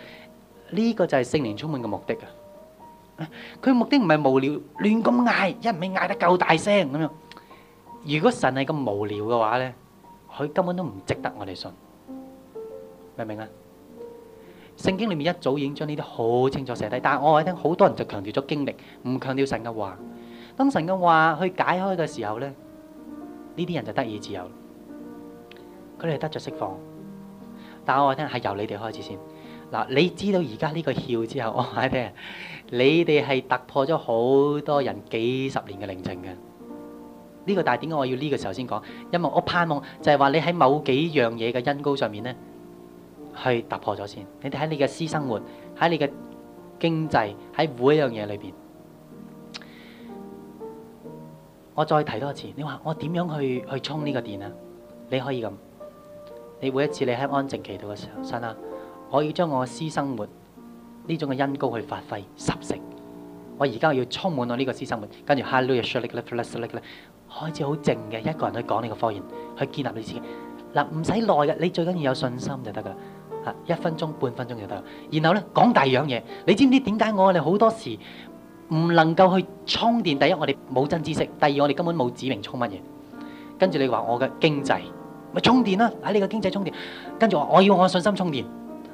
呢個就係聖靈充滿嘅目的啊！佢目的唔係無聊亂咁嗌，一味嗌得夠大聲咁樣。如果神係咁無聊嘅話咧，佢根本都唔值得我哋信，明唔明啊？聖經裏面一早已經將呢啲好清楚寫低，但我話聽好多人就強調咗經歷，唔強調神嘅話。當神嘅話去解開嘅時候咧，呢啲人就得以自由，佢哋得着釋放。但我話聽係由你哋開始先。嗱，你知道而家呢個竅之後，我話你哋，你哋係突破咗好多人幾十年嘅靈程嘅。呢個大係點解我要呢個時候先講？因為我盼望就係話你喺某幾樣嘢嘅恩膏上面呢，去突破咗先。你哋喺你嘅私生活、喺你嘅經濟、喺每一樣嘢裏邊，我再提多一次。你話我點樣去去充呢個電啊？你可以咁，你每一次你喺安靜祈禱嘅時候，山啊。我要將我嘅私生活呢種嘅恩膏去發揮十成，我而家要充滿我呢個私生活，跟住 hello 嘅 shut it 咧，close it 咧，開始好靜嘅一個人去講呢個方言，去建立你自己。嗱，唔使耐嘅，你最緊要有信心就得噶啦，嚇一分鐘、半分鐘就得喇。然後咧講第二樣嘢，你知唔知點解我哋好多時唔能夠去充電？第一，我哋冇真知識；第二，我哋根本冇指明充乜嘢。跟住你話我嘅經濟咪充電啦，喺你嘅經濟充電。跟住我我要我信心充電。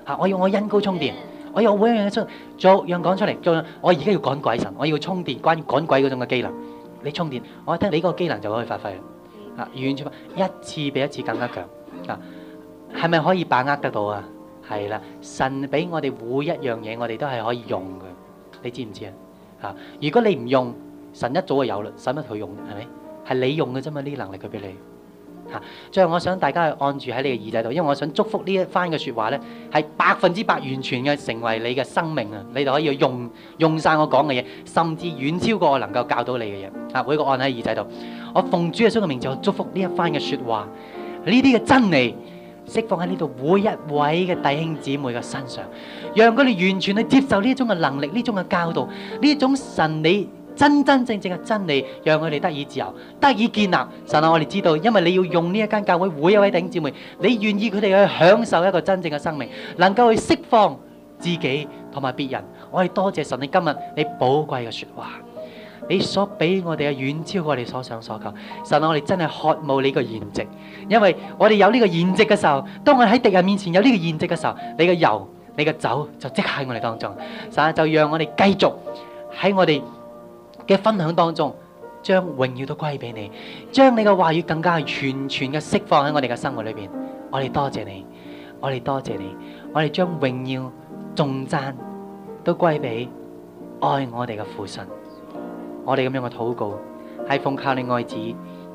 嚇！我用我恩膏充電，我用我每一樣嘢出做，樣講出嚟做。我而家要趕鬼神，我要充電，關於趕鬼嗰種嘅機能，你充電，我一聽你嗰個機能就可以發揮啦。啊，完全一次比一次更加強。嗱，係咪可以把握得到啊？係啦，神俾我哋每一樣嘢，我哋都係可以用嘅。你知唔知啊？嚇！如果你唔用，神一早就有啦，使乜佢用？係咪？係你用嘅啫嘛，呢啲能力，佢俾你。最後我想大家去按住喺你嘅耳仔度，因為我想祝福呢一番嘅說話呢係百分之百完全嘅成為你嘅生命啊！你就可以用用晒我講嘅嘢，甚至遠超過我能夠教到你嘅嘢。啊，每一個按喺耳仔度，我奉主耶穌嘅名就祝福呢一番嘅說話，呢啲嘅真理釋放喺呢度每一位嘅弟兄姊妹嘅身上，讓佢哋完全去接受呢種嘅能力、呢種嘅教導、呢種真理。真真正正嘅真理，讓佢哋得以自由，得以建立。神啊，我哋知道，因為你要用呢一間教會，每一位弟兄姊妹，你願意佢哋去享受一個真正嘅生命，能夠去釋放自己同埋別人。我哋多謝神，你今日你寶貴嘅說話，你所俾我哋嘅遠超過我哋所想所求。神啊，我哋真係渴慕你嘅筵席，因為我哋有呢個筵席嘅時候，當我哋喺敵人面前有呢個筵席嘅時候，你嘅油、你嘅酒就即刻喺我哋當中。神啊，就讓我哋繼續喺我哋嘅分享當中，將榮耀都歸俾你，將你嘅話語更加完全嘅釋放喺我哋嘅生活裏邊。我哋多謝你，我哋多謝你，我哋將榮耀、頌讚都歸俾愛我哋嘅父神。我哋咁樣嘅禱告係奉靠你愛子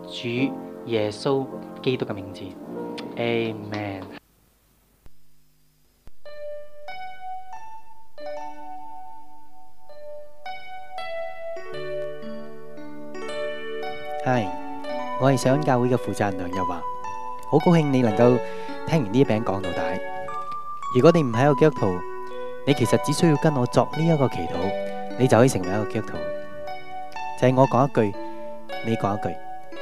主耶穌基督嘅名字，Amen。我係上教會嘅負責人梁日華，好高興你能夠聽完呢一餅講到大。如果你唔係一個基督徒，你其實只需要跟我作呢一個祈禱，你就可以成為一個基督徒。就係我講一句，你講一句，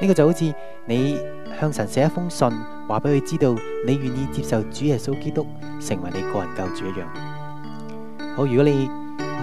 呢個就好似你向神寫一封信，話俾佢知道你願意接受主耶穌基督成為你個人救主一樣。好，如果你。